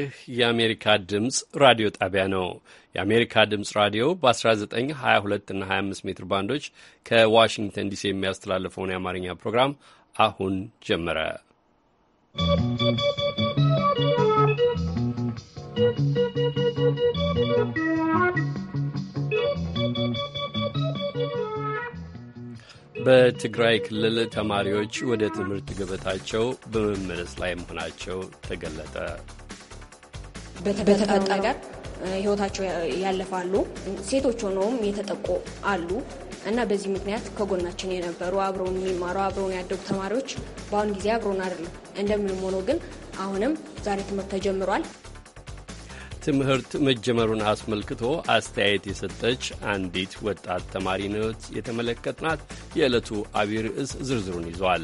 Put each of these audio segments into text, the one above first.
ይህ የአሜሪካ ድምፅ ራዲዮ ጣቢያ ነው። የአሜሪካ ድምፅ ራዲዮ በ1922 እና 25 ሜትር ባንዶች ከዋሽንግተን ዲሲ የሚያስተላልፈውን የአማርኛ ፕሮግራም አሁን ጀመረ። በትግራይ ክልል ተማሪዎች ወደ ትምህርት ገበታቸው በመመለስ ላይ መሆናቸው ተገለጠ። በተፈጠረው ህይወታቸው ያለፋሉ። ሴቶች ሆነውም የተጠቁ አሉ እና በዚህ ምክንያት ከጎናችን የነበሩ አብረውን የሚማሩ አብረውን ያደጉ ተማሪዎች በአሁኑ ጊዜ አብረውን አይደለም። እንደምንም ሆኖ ግን አሁንም ዛሬ ትምህርት ተጀምሯል። ትምህርት መጀመሩን አስመልክቶ አስተያየት የሰጠች አንዲት ወጣት ተማሪ ነት የተመለከትናት። የዕለቱ አብይ ርዕስ ዝርዝሩን ይዟል።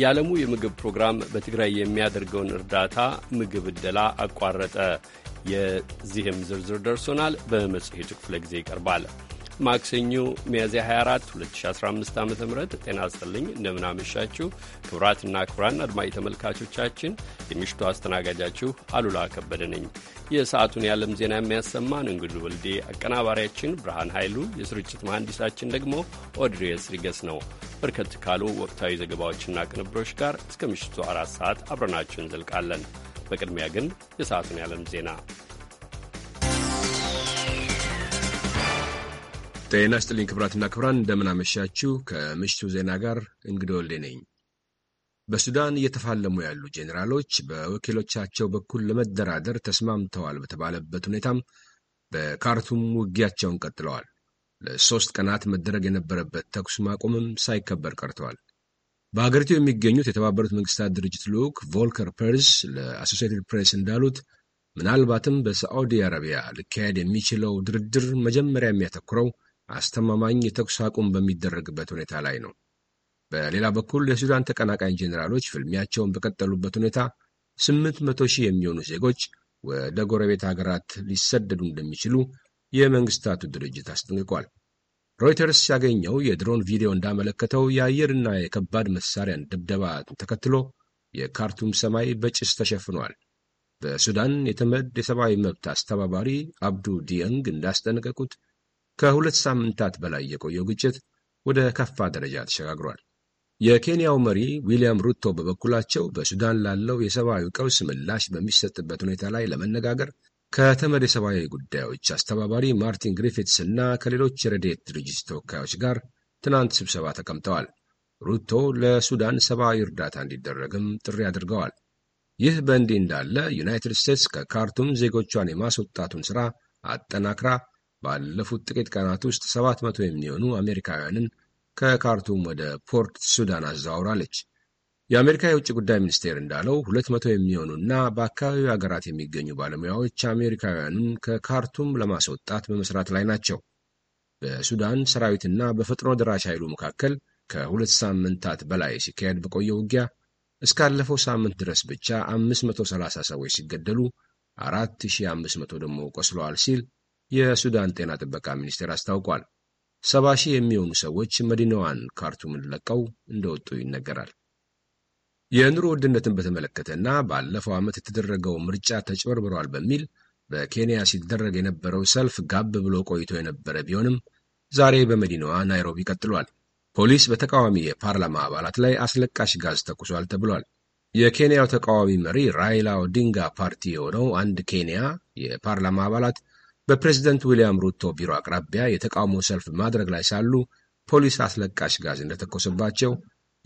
የዓለሙ የምግብ ፕሮግራም በትግራይ የሚያደርገውን እርዳታ ምግብ እደላ አቋረጠ። የዚህም ዝርዝር ደርሶናል። በመጽሔቱ ክፍለ ጊዜ ይቀርባል። ማክሰኞ ሚያዝያ 24 2015 ዓ ም ጤና ይስጥልኝ። እንደምናመሻችሁ ክቡራትና ክቡራን አድማጭ ተመልካቾቻችን የምሽቱ አስተናጋጃችሁ አሉላ ከበደ ነኝ። የሰዓቱን የዓለም ዜና የሚያሰማን እንግዱ ወልዴ፣ አቀናባሪያችን ብርሃን ኃይሉ፣ የስርጭት መሐንዲሳችን ደግሞ ኦድሬስ ሪገስ ነው። በርከት ካሉ ወቅታዊ ዘገባዎችና ቅንብሮች ጋር እስከ ምሽቱ አራት ሰዓት አብረናችሁ እንዘልቃለን። በቅድሚያ ግን የሰዓቱን የዓለም ዜና ጤና ስጥልኝ ክብራትና ክብራን፣ እንደምን ከምሽቱ ዜና ጋር እንግዳ ወልዴ ነኝ። በሱዳን እየተፋለሙ ያሉ ጄኔራሎች በወኪሎቻቸው በኩል ለመደራደር ተስማምተዋል በተባለበት ሁኔታም በካርቱም ውጊያቸውን ቀጥለዋል። ለሶስት ቀናት መደረግ የነበረበት ተኩስ ማቆምም ሳይከበር ቀርተዋል። በሀገሪቱ የሚገኙት የተባበሩት መንግስታት ድርጅት ልዑክ ቮልከር ፐርዝ ለአሶሲኤትድ ፕሬስ እንዳሉት ምናልባትም በሳዑዲ አረቢያ ሊካሄድ የሚችለው ድርድር መጀመሪያ የሚያተኩረው አስተማማኝ የተኩስ አቁም በሚደረግበት ሁኔታ ላይ ነው። በሌላ በኩል የሱዳን ተቀናቃኝ ጄኔራሎች ፍልሚያቸውን በቀጠሉበት ሁኔታ 800 ሺህ የሚሆኑ ዜጎች ወደ ጎረቤት ሀገራት ሊሰደዱ እንደሚችሉ የመንግስታቱ ድርጅት አስጠንቅቋል። ሮይተርስ ያገኘው የድሮን ቪዲዮ እንዳመለከተው የአየርና የከባድ መሳሪያን ድብደባ ተከትሎ የካርቱም ሰማይ በጭስ ተሸፍኗል። በሱዳን የተመድ የሰብአዊ መብት አስተባባሪ አብዱ ዲየንግ እንዳስጠነቀቁት ከሁለት ሳምንታት በላይ የቆየው ግጭት ወደ ከፋ ደረጃ ተሸጋግሯል። የኬንያው መሪ ዊልያም ሩቶ በበኩላቸው በሱዳን ላለው የሰብአዊ ቀውስ ምላሽ በሚሰጥበት ሁኔታ ላይ ለመነጋገር ከተመድ የሰብአዊ ጉዳዮች አስተባባሪ ማርቲን ግሪፊትስ እና ከሌሎች የረድኤት ድርጅት ተወካዮች ጋር ትናንት ስብሰባ ተቀምጠዋል። ሩቶ ለሱዳን ሰብአዊ እርዳታ እንዲደረግም ጥሪ አድርገዋል። ይህ በእንዲህ እንዳለ ዩናይትድ ስቴትስ ከካርቱም ዜጎቿን የማስወጣቱን ሥራ አጠናክራ ባለፉት ጥቂት ቀናት ውስጥ 700 የሚሆኑ አሜሪካውያንን ከካርቱም ወደ ፖርት ሱዳን አዘዋውራለች። የአሜሪካ የውጭ ጉዳይ ሚኒስቴር እንዳለው 200 የሚሆኑና በአካባቢው ሀገራት የሚገኙ ባለሙያዎች አሜሪካውያንን ከካርቱም ለማስወጣት በመስራት ላይ ናቸው። በሱዳን ሰራዊትና በፈጥኖ ደራሽ ኃይሉ መካከል ከሁለት ሳምንታት በላይ ሲካሄድ በቆየ ውጊያ እስካለፈው ሳምንት ድረስ ብቻ 530 ሰዎች ሲገደሉ 4500 ደግሞ ቆስለዋል ሲል የሱዳን ጤና ጥበቃ ሚኒስቴር አስታውቋል። ሰባ ሺህ የሚሆኑ ሰዎች መዲናዋን ካርቱምን ለቀው እንደወጡ ይነገራል። የኑሮ ውድነትን በተመለከተና ባለፈው ዓመት የተደረገው ምርጫ ተጭበርብረዋል በሚል በኬንያ ሲደረግ የነበረው ሰልፍ ጋብ ብሎ ቆይቶ የነበረ ቢሆንም ዛሬ በመዲናዋ ናይሮቢ ቀጥሏል። ፖሊስ በተቃዋሚ የፓርላማ አባላት ላይ አስለቃሽ ጋዝ ተኩሷል ተብሏል። የኬንያው ተቃዋሚ መሪ ራይላ ኦዲንጋ ፓርቲ የሆነው አንድ ኬንያ የፓርላማ አባላት በፕሬዝደንት ዊልያም ሩቶ ቢሮ አቅራቢያ የተቃውሞ ሰልፍ ማድረግ ላይ ሳሉ ፖሊስ አስለቃሽ ጋዝ እንደተኮሰባቸው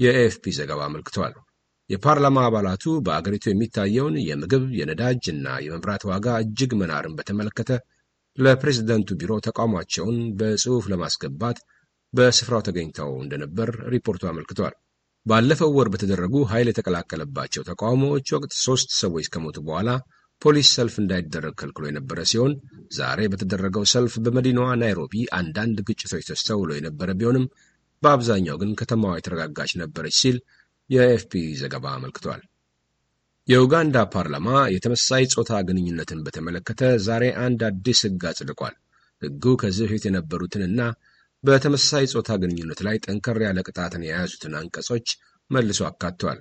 የኤኤፍፒ ዘገባ አመልክቷል። የፓርላማ አባላቱ በአገሪቱ የሚታየውን የምግብ የነዳጅ እና የመብራት ዋጋ እጅግ መናርን በተመለከተ ለፕሬዝደንቱ ቢሮ ተቃውሟቸውን በጽሑፍ ለማስገባት በስፍራው ተገኝተው እንደነበር ሪፖርቱ አመልክቷል። ባለፈው ወር በተደረጉ ኃይል የተቀላቀለባቸው ተቃውሞዎች ወቅት ሦስት ሰዎች ከሞቱ በኋላ ፖሊስ ሰልፍ እንዳይደረግ ከልክሎ የነበረ ሲሆን ዛሬ በተደረገው ሰልፍ በመዲናዋ ናይሮቢ አንዳንድ ግጭቶች ተስተውሎ የነበረ ቢሆንም በአብዛኛው ግን ከተማዋ የተረጋጋች ነበረች ሲል የኤፍፒ ዘገባ አመልክቷል። የኡጋንዳ ፓርላማ የተመሳሳይ ጾታ ግንኙነትን በተመለከተ ዛሬ አንድ አዲስ ሕግ አጽድቋል። ሕጉ ከዚህ በፊት የነበሩትንና በተመሳሳይ ጾታ ግንኙነት ላይ ጠንከር ያለ ቅጣትን የያዙትን አንቀጾች መልሶ አካቷል።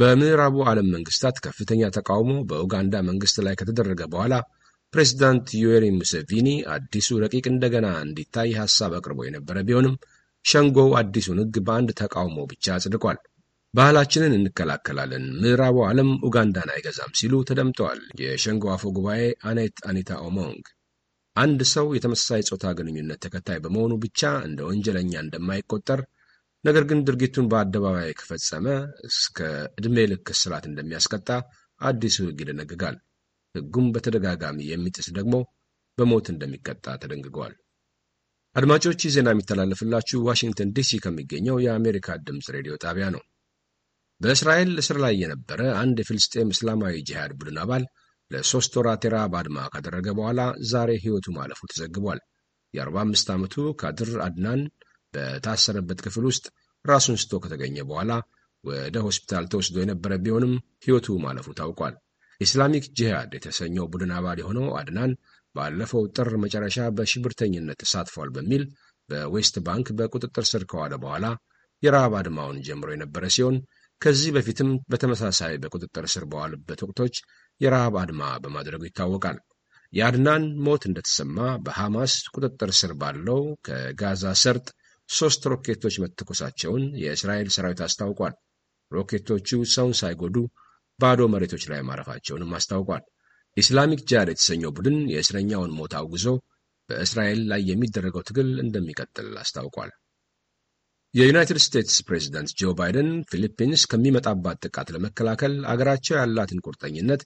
በምዕራቡ ዓለም መንግስታት ከፍተኛ ተቃውሞ በኡጋንዳ መንግስት ላይ ከተደረገ በኋላ ፕሬዚዳንት ዩዌሪ ሙሴቪኒ አዲሱ ረቂቅ እንደገና እንዲታይ ሐሳብ አቅርቦ የነበረ ቢሆንም ሸንጎው አዲሱን ሕግ በአንድ ተቃውሞ ብቻ አጽድቋል። ባህላችንን እንከላከላለን፣ ምዕራቡ ዓለም ኡጋንዳን አይገዛም ሲሉ ተደምጠዋል። የሸንጎ አፈ ጉባኤ አኔት አኒታ ኦሞንግ አንድ ሰው የተመሳሳይ ጾታ ግንኙነት ተከታይ በመሆኑ ብቻ እንደ ወንጀለኛ እንደማይቆጠር ነገር ግን ድርጊቱን በአደባባይ ከፈጸመ እስከ ዕድሜ ልክ እስራት እንደሚያስቀጣ አዲሱ ሕግ ይደነግጋል። ሕጉም በተደጋጋሚ የሚጥስ ደግሞ በሞት እንደሚቀጣ ተደንግጓል። አድማጮች ይህ ዜና የሚተላለፍላችሁ ዋሽንግተን ዲሲ ከሚገኘው የአሜሪካ ድምፅ ሬዲዮ ጣቢያ ነው። በእስራኤል እስር ላይ የነበረ አንድ የፍልስጤም እስላማዊ ጂሃድ ቡድን አባል ለሦስት ወራት የረሃብ አድማ ካደረገ በኋላ ዛሬ ሕይወቱ ማለፉ ተዘግቧል። የ45 ዓመቱ ካድር አድናን በታሰረበት ክፍል ውስጥ ራሱን ስቶ ከተገኘ በኋላ ወደ ሆስፒታል ተወስዶ የነበረ ቢሆንም ሕይወቱ ማለፉ ታውቋል። ኢስላሚክ ጂሃድ የተሰኘው ቡድን አባል የሆነው አድናን ባለፈው ጥር መጨረሻ በሽብርተኝነት ተሳትፏል በሚል በዌስት ባንክ በቁጥጥር ስር ከዋለ በኋላ የረሃብ አድማውን ጀምሮ የነበረ ሲሆን ከዚህ በፊትም በተመሳሳይ በቁጥጥር ስር በዋለበት ወቅቶች የረሃብ አድማ በማድረጉ ይታወቃል። የአድናን ሞት እንደተሰማ በሐማስ ቁጥጥር ስር ባለው ከጋዛ ሰርጥ ሦስት ሮኬቶች መተኮሳቸውን የእስራኤል ሰራዊት አስታውቋል። ሮኬቶቹ ሰውን ሳይጎዱ ባዶ መሬቶች ላይ ማረፋቸውንም አስታውቋል። ኢስላሚክ ጂሃድ የተሰኘው ቡድን የእስረኛውን ሞት አውግዞ በእስራኤል ላይ የሚደረገው ትግል እንደሚቀጥል አስታውቋል። የዩናይትድ ስቴትስ ፕሬዚደንት ጆ ባይደን ፊሊፒንስ ከሚመጣባት ጥቃት ለመከላከል አገራቸው ያላትን ቁርጠኝነት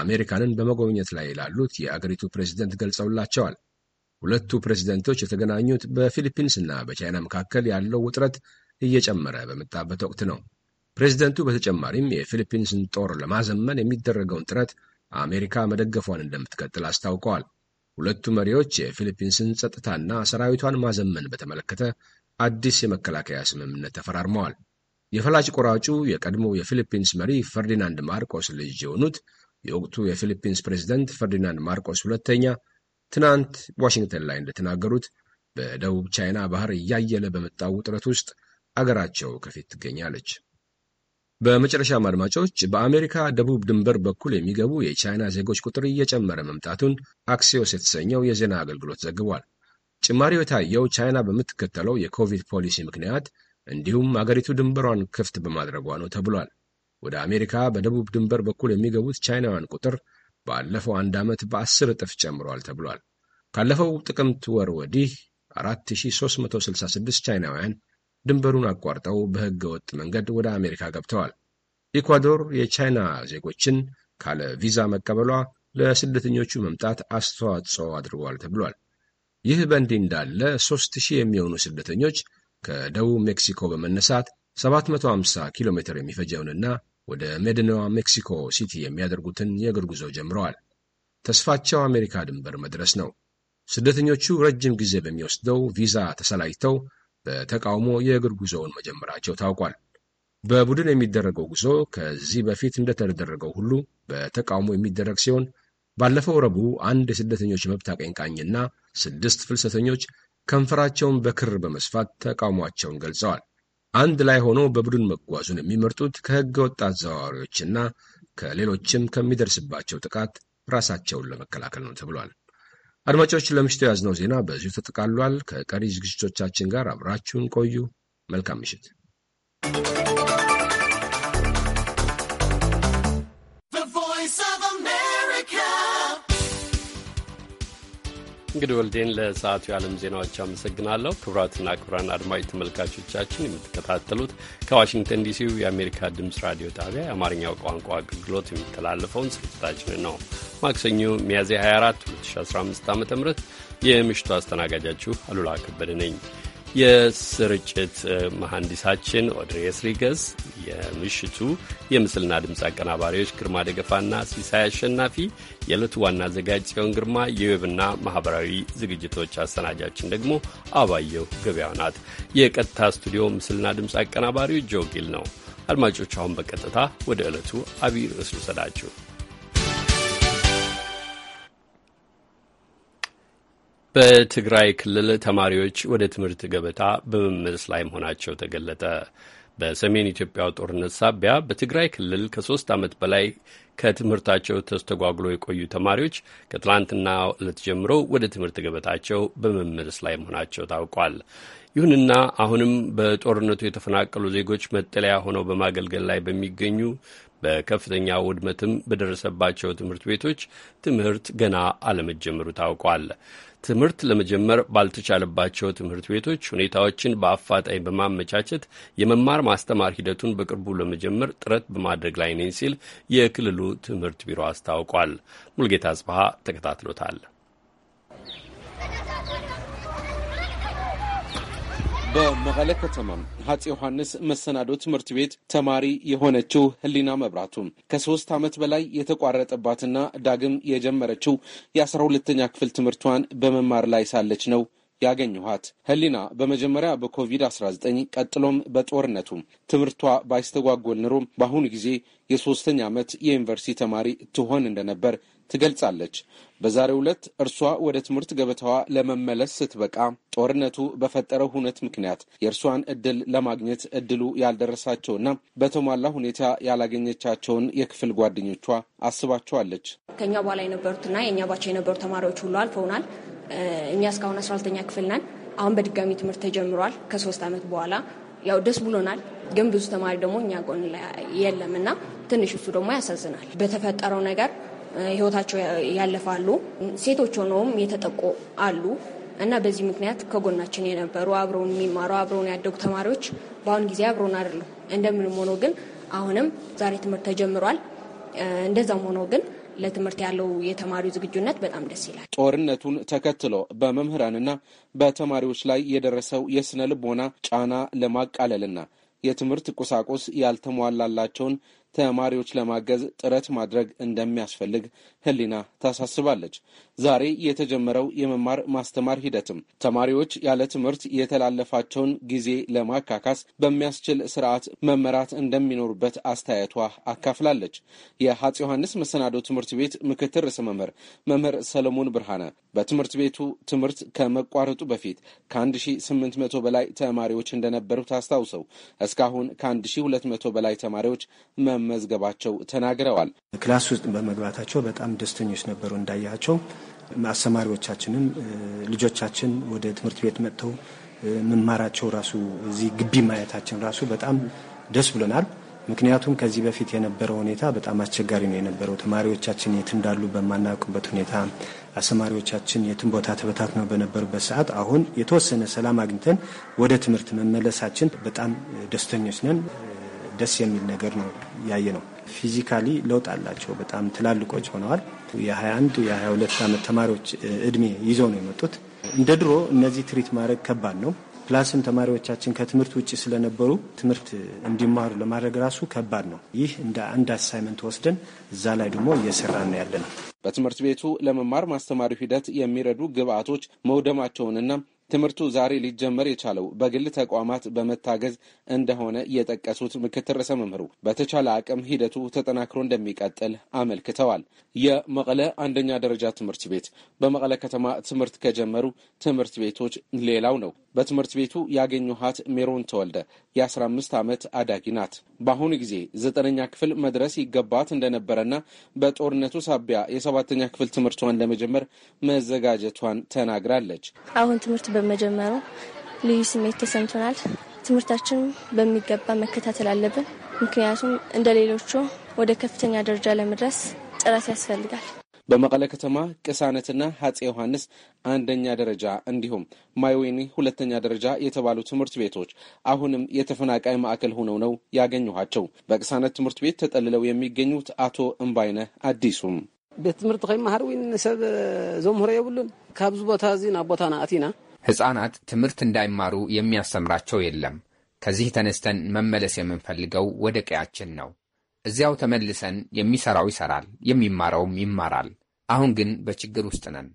አሜሪካንን በመጎብኘት ላይ ላሉት የአገሪቱ ፕሬዚደንት ገልጸውላቸዋል። ሁለቱ ፕሬዚደንቶች የተገናኙት በፊሊፒንስ እና በቻይና መካከል ያለው ውጥረት እየጨመረ በመጣበት ወቅት ነው። ፕሬዚደንቱ በተጨማሪም የፊሊፒንስን ጦር ለማዘመን የሚደረገውን ጥረት አሜሪካ መደገፏን እንደምትቀጥል አስታውቀዋል። ሁለቱ መሪዎች የፊሊፒንስን ጸጥታና ሰራዊቷን ማዘመን በተመለከተ አዲስ የመከላከያ ስምምነት ተፈራርመዋል። የፈላጭ ቆራጩ የቀድሞ የፊሊፒንስ መሪ ፈርዲናንድ ማርቆስ ልጅ የሆኑት የወቅቱ የፊሊፒንስ ፕሬዚደንት ፈርዲናንድ ማርቆስ ሁለተኛ ትናንት ዋሽንግተን ላይ እንደተናገሩት በደቡብ ቻይና ባህር እያየለ በመጣው ውጥረት ውስጥ አገራቸው ከፊት ትገኛለች። በመጨረሻም አድማጮች በአሜሪካ ደቡብ ድንበር በኩል የሚገቡ የቻይና ዜጎች ቁጥር እየጨመረ መምጣቱን አክሲዮስ የተሰኘው የዜና አገልግሎት ዘግቧል። ጭማሪው የታየው ቻይና በምትከተለው የኮቪድ ፖሊሲ ምክንያት እንዲሁም አገሪቱ ድንበሯን ክፍት በማድረጓ ነው ተብሏል። ወደ አሜሪካ በደቡብ ድንበር በኩል የሚገቡት ቻይናውያን ቁጥር ባለፈው አንድ ዓመት በአስር እጥፍ ጨምሯል ተብሏል። ካለፈው ጥቅምት ወር ወዲህ 4366 ቻይናውያን ድንበሩን አቋርጠው በሕገ ወጥ መንገድ ወደ አሜሪካ ገብተዋል። ኢኳዶር የቻይና ዜጎችን ካለ ቪዛ መቀበሏ ለስደተኞቹ መምጣት አስተዋጽኦ አድርጓል ተብሏል። ይህ በእንዲህ እንዳለ 3000 የሚሆኑ ስደተኞች ከደቡብ ሜክሲኮ በመነሳት 750 ኪሎ ሜትር የሚፈጀውንና ወደ መዲናዋ ሜክሲኮ ሲቲ የሚያደርጉትን የእግር ጉዞ ጀምረዋል። ተስፋቸው አሜሪካ ድንበር መድረስ ነው። ስደተኞቹ ረጅም ጊዜ በሚወስደው ቪዛ ተሰላጅተው በተቃውሞ የእግር ጉዞውን መጀመራቸው ታውቋል። በቡድን የሚደረገው ጉዞ ከዚህ በፊት እንደተደረገው ሁሉ በተቃውሞ የሚደረግ ሲሆን ባለፈው ረቡዕ አንድ የስደተኞች መብት አቀንቃኝና ስድስት ፍልሰተኞች ከንፈራቸውን በክር በመስፋት ተቃውሟቸውን ገልጸዋል። አንድ ላይ ሆኖ በቡድን መጓዙን የሚመርጡት ከህገ ወጥ አዘዋዋሪዎችና ከሌሎችም ከሚደርስባቸው ጥቃት ራሳቸውን ለመከላከል ነው ተብሏል። አድማጮች፣ ለምሽቱ የያዝነው ዜና በዚሁ ተጠቃሏል። ከቀሪ ዝግጅቶቻችን ጋር አብራችሁን ቆዩ። መልካም ምሽት። እንግዲህ ወልዴን ለሰዓቱ የዓለም ዜናዎች አመሰግናለሁ። ክቡራትና ክቡራን አድማጭ ተመልካቾቻችን የምትከታተሉት ከዋሽንግተን ዲሲው የአሜሪካ ድምፅ ራዲዮ ጣቢያ የአማርኛው ቋንቋ አገልግሎት የሚተላለፈውን ስርጭታችንን ነው። ማክሰኞ ሚያዝያ 24 2015 ዓ ም የምሽቱ አስተናጋጃችሁ አሉላ ከበደ ነኝ። የስርጭት መሐንዲሳችን ኦድሬስ ሪገስ፣ የምሽቱ የምስልና ድምፅ አቀናባሪዎች ግርማ ደገፋና ሲሳይ አሸናፊ፣ የዕለቱ ዋና አዘጋጅ ጽዮን ግርማ፣ የዌብና ማኅበራዊ ዝግጅቶች አሰናጃችን ደግሞ አባየሁ ገበያው ናት። የቀጥታ ስቱዲዮ ምስልና ድምፅ አቀናባሪው ጆጊል ነው። አድማጮች፣ አሁን በቀጥታ ወደ ዕለቱ አብይ ርዕስ ውሰዳችሁ። በትግራይ ክልል ተማሪዎች ወደ ትምህርት ገበታ በመመለስ ላይ መሆናቸው ተገለጠ። በሰሜን ኢትዮጵያው ጦርነት ሳቢያ በትግራይ ክልል ከሶስት ዓመት በላይ ከትምህርታቸው ተስተጓጉሎ የቆዩ ተማሪዎች ከትላንትና ዕለት ጀምሮ ወደ ትምህርት ገበታቸው በመመለስ ላይ መሆናቸው ታውቋል። ይሁንና አሁንም በጦርነቱ የተፈናቀሉ ዜጎች መጠለያ ሆነው በማገልገል ላይ በሚገኙ በከፍተኛ ውድመትም በደረሰባቸው ትምህርት ቤቶች ትምህርት ገና አለመጀመሩ ታውቋል። ትምህርት ለመጀመር ባልተቻለባቸው ትምህርት ቤቶች ሁኔታዎችን በአፋጣኝ በማመቻቸት የመማር ማስተማር ሂደቱን በቅርቡ ለመጀመር ጥረት በማድረግ ላይ ነኝ ሲል የክልሉ ትምህርት ቢሮ አስታውቋል። ሙልጌታ አጽበሃ ተከታትሎታል። በመቀለ ከተማ ሀፄ ዮሐንስ መሰናዶ ትምህርት ቤት ተማሪ የሆነችው ህሊና መብራቱ ከሶስት ዓመት በላይ የተቋረጠባትና ዳግም የጀመረችው የአስራ ሁለተኛ ክፍል ትምህርቷን በመማር ላይ ሳለች ነው ያገኘኋት ህሊና በመጀመሪያ በኮቪድ-19 ቀጥሎም በጦርነቱ ትምህርቷ ባይስተጓጎል ኑሮ በአሁኑ ጊዜ የሶስተኛ ዓመት የዩኒቨርሲቲ ተማሪ ትሆን እንደነበር ትገልጻለች። በዛሬው ዕለት እርሷ ወደ ትምህርት ገበታዋ ለመመለስ ስትበቃ ጦርነቱ በፈጠረው ሁነት ምክንያት የእርሷን እድል ለማግኘት እድሉ ያልደረሳቸውና በተሟላ ሁኔታ ያላገኘቻቸውን የክፍል ጓደኞቿ አስባቸዋለች። ከኛ በኋላ የነበሩትና የእኛ ባቸው የነበሩ ተማሪዎች ሁሉ አልፈውናል። እኛ እስካሁን አስራ ሁለተኛ ክፍል ነን። አሁን በድጋሚ ትምህርት ተጀምሯል ከሶስት ዓመት በኋላ ያው ደስ ብሎናል። ግን ብዙ ተማሪ ደግሞ እኛ ጎን የለም እና ትንሽ እሱ ደግሞ ያሳዝናል። በተፈጠረው ነገር ህይወታቸው ያለፋሉ። ሴቶች ሆነውም የተጠቁ አሉ እና በዚህ ምክንያት ከጎናችን የነበሩ አብረውን የሚማሩ አብረውን ያደጉ ተማሪዎች በአሁን ጊዜ አብረውን አይደሉም። እንደምንም ሆኖ ግን አሁንም ዛሬ ትምህርት ተጀምሯል። እንደዛም ሆኖ ግን ለትምህርት ያለው የተማሪው ዝግጁነት በጣም ደስ ይላል። ጦርነቱን ተከትሎ በመምህራንና በተማሪዎች ላይ የደረሰው የስነ ልቦና ጫና ለማቃለልና የትምህርት ቁሳቁስ ያልተሟላላቸውን ተማሪዎች ለማገዝ ጥረት ማድረግ እንደሚያስፈልግ ህሊና ታሳስባለች። ዛሬ የተጀመረው የመማር ማስተማር ሂደትም ተማሪዎች ያለ ትምህርት የተላለፋቸውን ጊዜ ለማካካስ በሚያስችል ስርዓት መመራት እንደሚኖሩበት አስተያየቷ አካፍላለች። የሀፄ ዮሐንስ መሰናዶ ትምህርት ቤት ምክትል ርዕሰ መምህር መምህር ሰለሞን ብርሃነ በትምህርት ቤቱ ትምህርት ከመቋረጡ በፊት ከ1800 በላይ ተማሪዎች እንደነበሩ ታስታውሰው እስካሁን ከ1200 በላይ ተማሪዎች መመዝገባቸው ተናግረዋል። ክላስ ውስጥ በመግባታቸው በጣም ደስተኞች ነበሩ እንዳያቸው። አስተማሪዎቻችንም ልጆቻችን ወደ ትምህርት ቤት መጥተው መማራቸው ራሱ እዚህ ግቢ ማየታችን ራሱ በጣም ደስ ብሎናል። ምክንያቱም ከዚህ በፊት የነበረው ሁኔታ በጣም አስቸጋሪ ነው የነበረው። ተማሪዎቻችን የት እንዳሉ በማናውቅበት ሁኔታ፣ አስተማሪዎቻችን የትን ቦታ ተበታትነው በነበሩበት ሰዓት አሁን የተወሰነ ሰላም አግኝተን ወደ ትምህርት መመለሳችን በጣም ደስተኞች ነን። ደስ የሚል ነገር ነው ያየ ነው። ፊዚካሊ ለውጥ አላቸው። በጣም ትላልቆች ሆነዋል። የ21 የ22 ዓመት ተማሪዎች እድሜ ይዘው ነው የመጡት። እንደ ድሮ እነዚህ ትሪት ማድረግ ከባድ ነው። ፕላስም ተማሪዎቻችን ከትምህርት ውጭ ስለነበሩ ትምህርት እንዲማሩ ለማድረግ ራሱ ከባድ ነው። ይህ እንደ አንድ አሳይመንት ወስደን እዛ ላይ ደግሞ እየሰራን ነው ያለ ነው። በትምህርት ቤቱ ለመማር ማስተማሪው ሂደት የሚረዱ ግብአቶች መውደማቸውንና ትምህርቱ ዛሬ ሊጀመር የቻለው በግል ተቋማት በመታገዝ እንደሆነ የጠቀሱት ምክትል ርዕሰ መምህሩ በተቻለ አቅም ሂደቱ ተጠናክሮ እንደሚቀጥል አመልክተዋል። የመቀለ አንደኛ ደረጃ ትምህርት ቤት በመቀለ ከተማ ትምህርት ከጀመሩ ትምህርት ቤቶች ሌላው ነው። በትምህርት ቤቱ ያገኘኋት ሜሮን ተወልደ የ15 ዓመት አዳጊ ናት። በአሁኑ ጊዜ ዘጠነኛ ክፍል መድረስ ይገባት እንደነበረና በጦርነቱ ሳቢያ የሰባተኛ ክፍል ትምህርቷን ለመጀመር መዘጋጀቷን ተናግራለች። አሁን ትምህርት በመጀመሩ ልዩ ስሜት ተሰምቶናል። ትምህርታችን በሚገባ መከታተል አለብን። ምክንያቱም እንደ ሌሎቹ ወደ ከፍተኛ ደረጃ ለመድረስ ጥረት ያስፈልጋል። በመቀለ ከተማ ቅሳነትና ሀጼ ዮሐንስ አንደኛ ደረጃ እንዲሁም ማይወይኒ ሁለተኛ ደረጃ የተባሉ ትምህርት ቤቶች አሁንም የተፈናቃይ ማዕከል ሆነው ነው ያገኘኋቸው። በቅሳነት ትምህርት ቤት ተጠልለው የሚገኙት አቶ እምባይነ አዲሱም ቤት ትምህርቲ ከይመሃር ወይ ሰብ ዘምህሮ የብሉን ካብዚ ቦታ እዚ ናብ ቦታ ናእቲና ህፃናት ትምህርት እንዳይማሩ የሚያስተምራቸው የለም። ከዚህ ተነስተን መመለስ የምንፈልገው ወደ ቀያችን ነው። እዚያው ተመልሰን የሚሰራው ይሰራል የሚማረውም ይማራል። አሁን ግን በችግር ውስጥ ነን።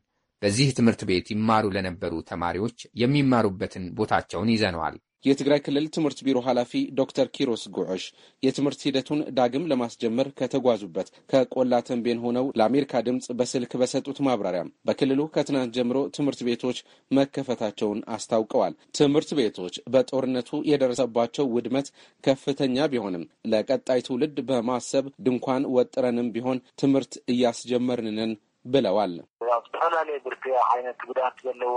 በዚህ ትምህርት ቤት ይማሩ ለነበሩ ተማሪዎች የሚማሩበትን ቦታቸውን ይዘነዋል። የትግራይ ክልል ትምህርት ቢሮ ኃላፊ ዶክተር ኪሮስ ጉዑሽ የትምህርት ሂደቱን ዳግም ለማስጀመር ከተጓዙበት ከቆላ ተንቤን ሆነው ለአሜሪካ ድምፅ በስልክ በሰጡት ማብራሪያም በክልሉ ከትናንት ጀምሮ ትምህርት ቤቶች መከፈታቸውን አስታውቀዋል። ትምህርት ቤቶች በጦርነቱ የደረሰባቸው ውድመት ከፍተኛ ቢሆንም ለቀጣይ ትውልድ በማሰብ ድንኳን ወጥረንም ቢሆን ትምህርት እያስጀመርንንን ብለዋል። ዝተፈላለየ ብርክ ዓይነት ጉዳት ዘለዎ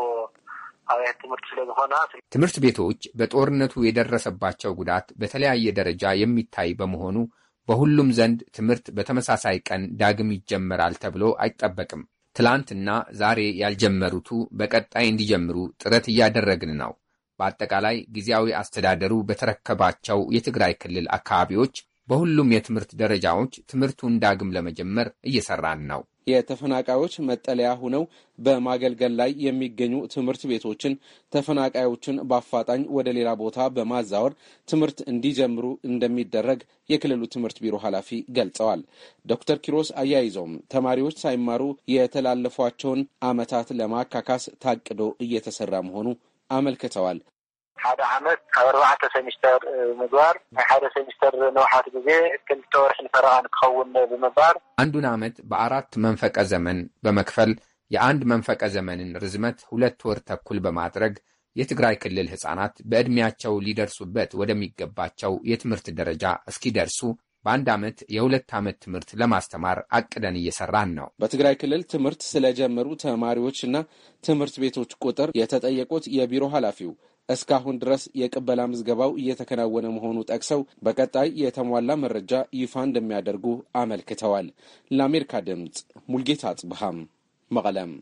አብያተ ትምህርት ስለመሆና ትምህርት ቤቶች በጦርነቱ የደረሰባቸው ጉዳት በተለያየ ደረጃ የሚታይ በመሆኑ በሁሉም ዘንድ ትምህርት በተመሳሳይ ቀን ዳግም ይጀመራል ተብሎ አይጠበቅም። ትላንትና ዛሬ ያልጀመሩቱ በቀጣይ እንዲጀምሩ ጥረት እያደረግን ነው። በአጠቃላይ ጊዜያዊ አስተዳደሩ በተረከባቸው የትግራይ ክልል አካባቢዎች በሁሉም የትምህርት ደረጃዎች ትምህርቱን ዳግም ለመጀመር እየሰራን ነው። የተፈናቃዮች መጠለያ ሆነው በማገልገል ላይ የሚገኙ ትምህርት ቤቶችን ተፈናቃዮችን በአፋጣኝ ወደ ሌላ ቦታ በማዛወር ትምህርት እንዲጀምሩ እንደሚደረግ የክልሉ ትምህርት ቢሮ ኃላፊ ገልጸዋል። ዶክተር ኪሮስ አያይዘውም ተማሪዎች ሳይማሩ የተላለፏቸውን ዓመታት ለማካካስ ታቅዶ እየተሰራ መሆኑ አመልክተዋል። ሓደ ዓመት ካብ ኣርባዕተ ሰሚስተር ምግባር ናይ ሓደ ሰሚስተር ንውሓት ግዜ ክልተ ወርሒ ንፈረቓ ንክኸውን ብምባር አንዱን ዓመት ብኣራት መንፈቀ ዘመን በመክፈል የአንድ መንፈቀ ዘመንን ርዝመት ሁለት ወር ተኩል በማድረግ የትግራይ ክልል ሕፃናት በዕድሜያቸው ሊደርሱበት ወደሚገባቸው የትምህርት ደረጃ እስኪደርሱ በአንድ ዓመት የሁለት ዓመት ትምህርት ለማስተማር አቅደን እየሰራን ነው። በትግራይ ክልል ትምህርት ስለጀመሩ ተማሪዎችና ትምህርት ቤቶች ቁጥር የተጠየቁት የቢሮ ኃላፊው እስካሁን ድረስ የቅበላ ምዝገባው እየተከናወነ መሆኑ ጠቅሰው በቀጣይ የተሟላ መረጃ ይፋ እንደሚያደርጉ አመልክተዋል። ለአሜሪካ ድምፅ ሙልጌታ አጽብሃም መቀለም።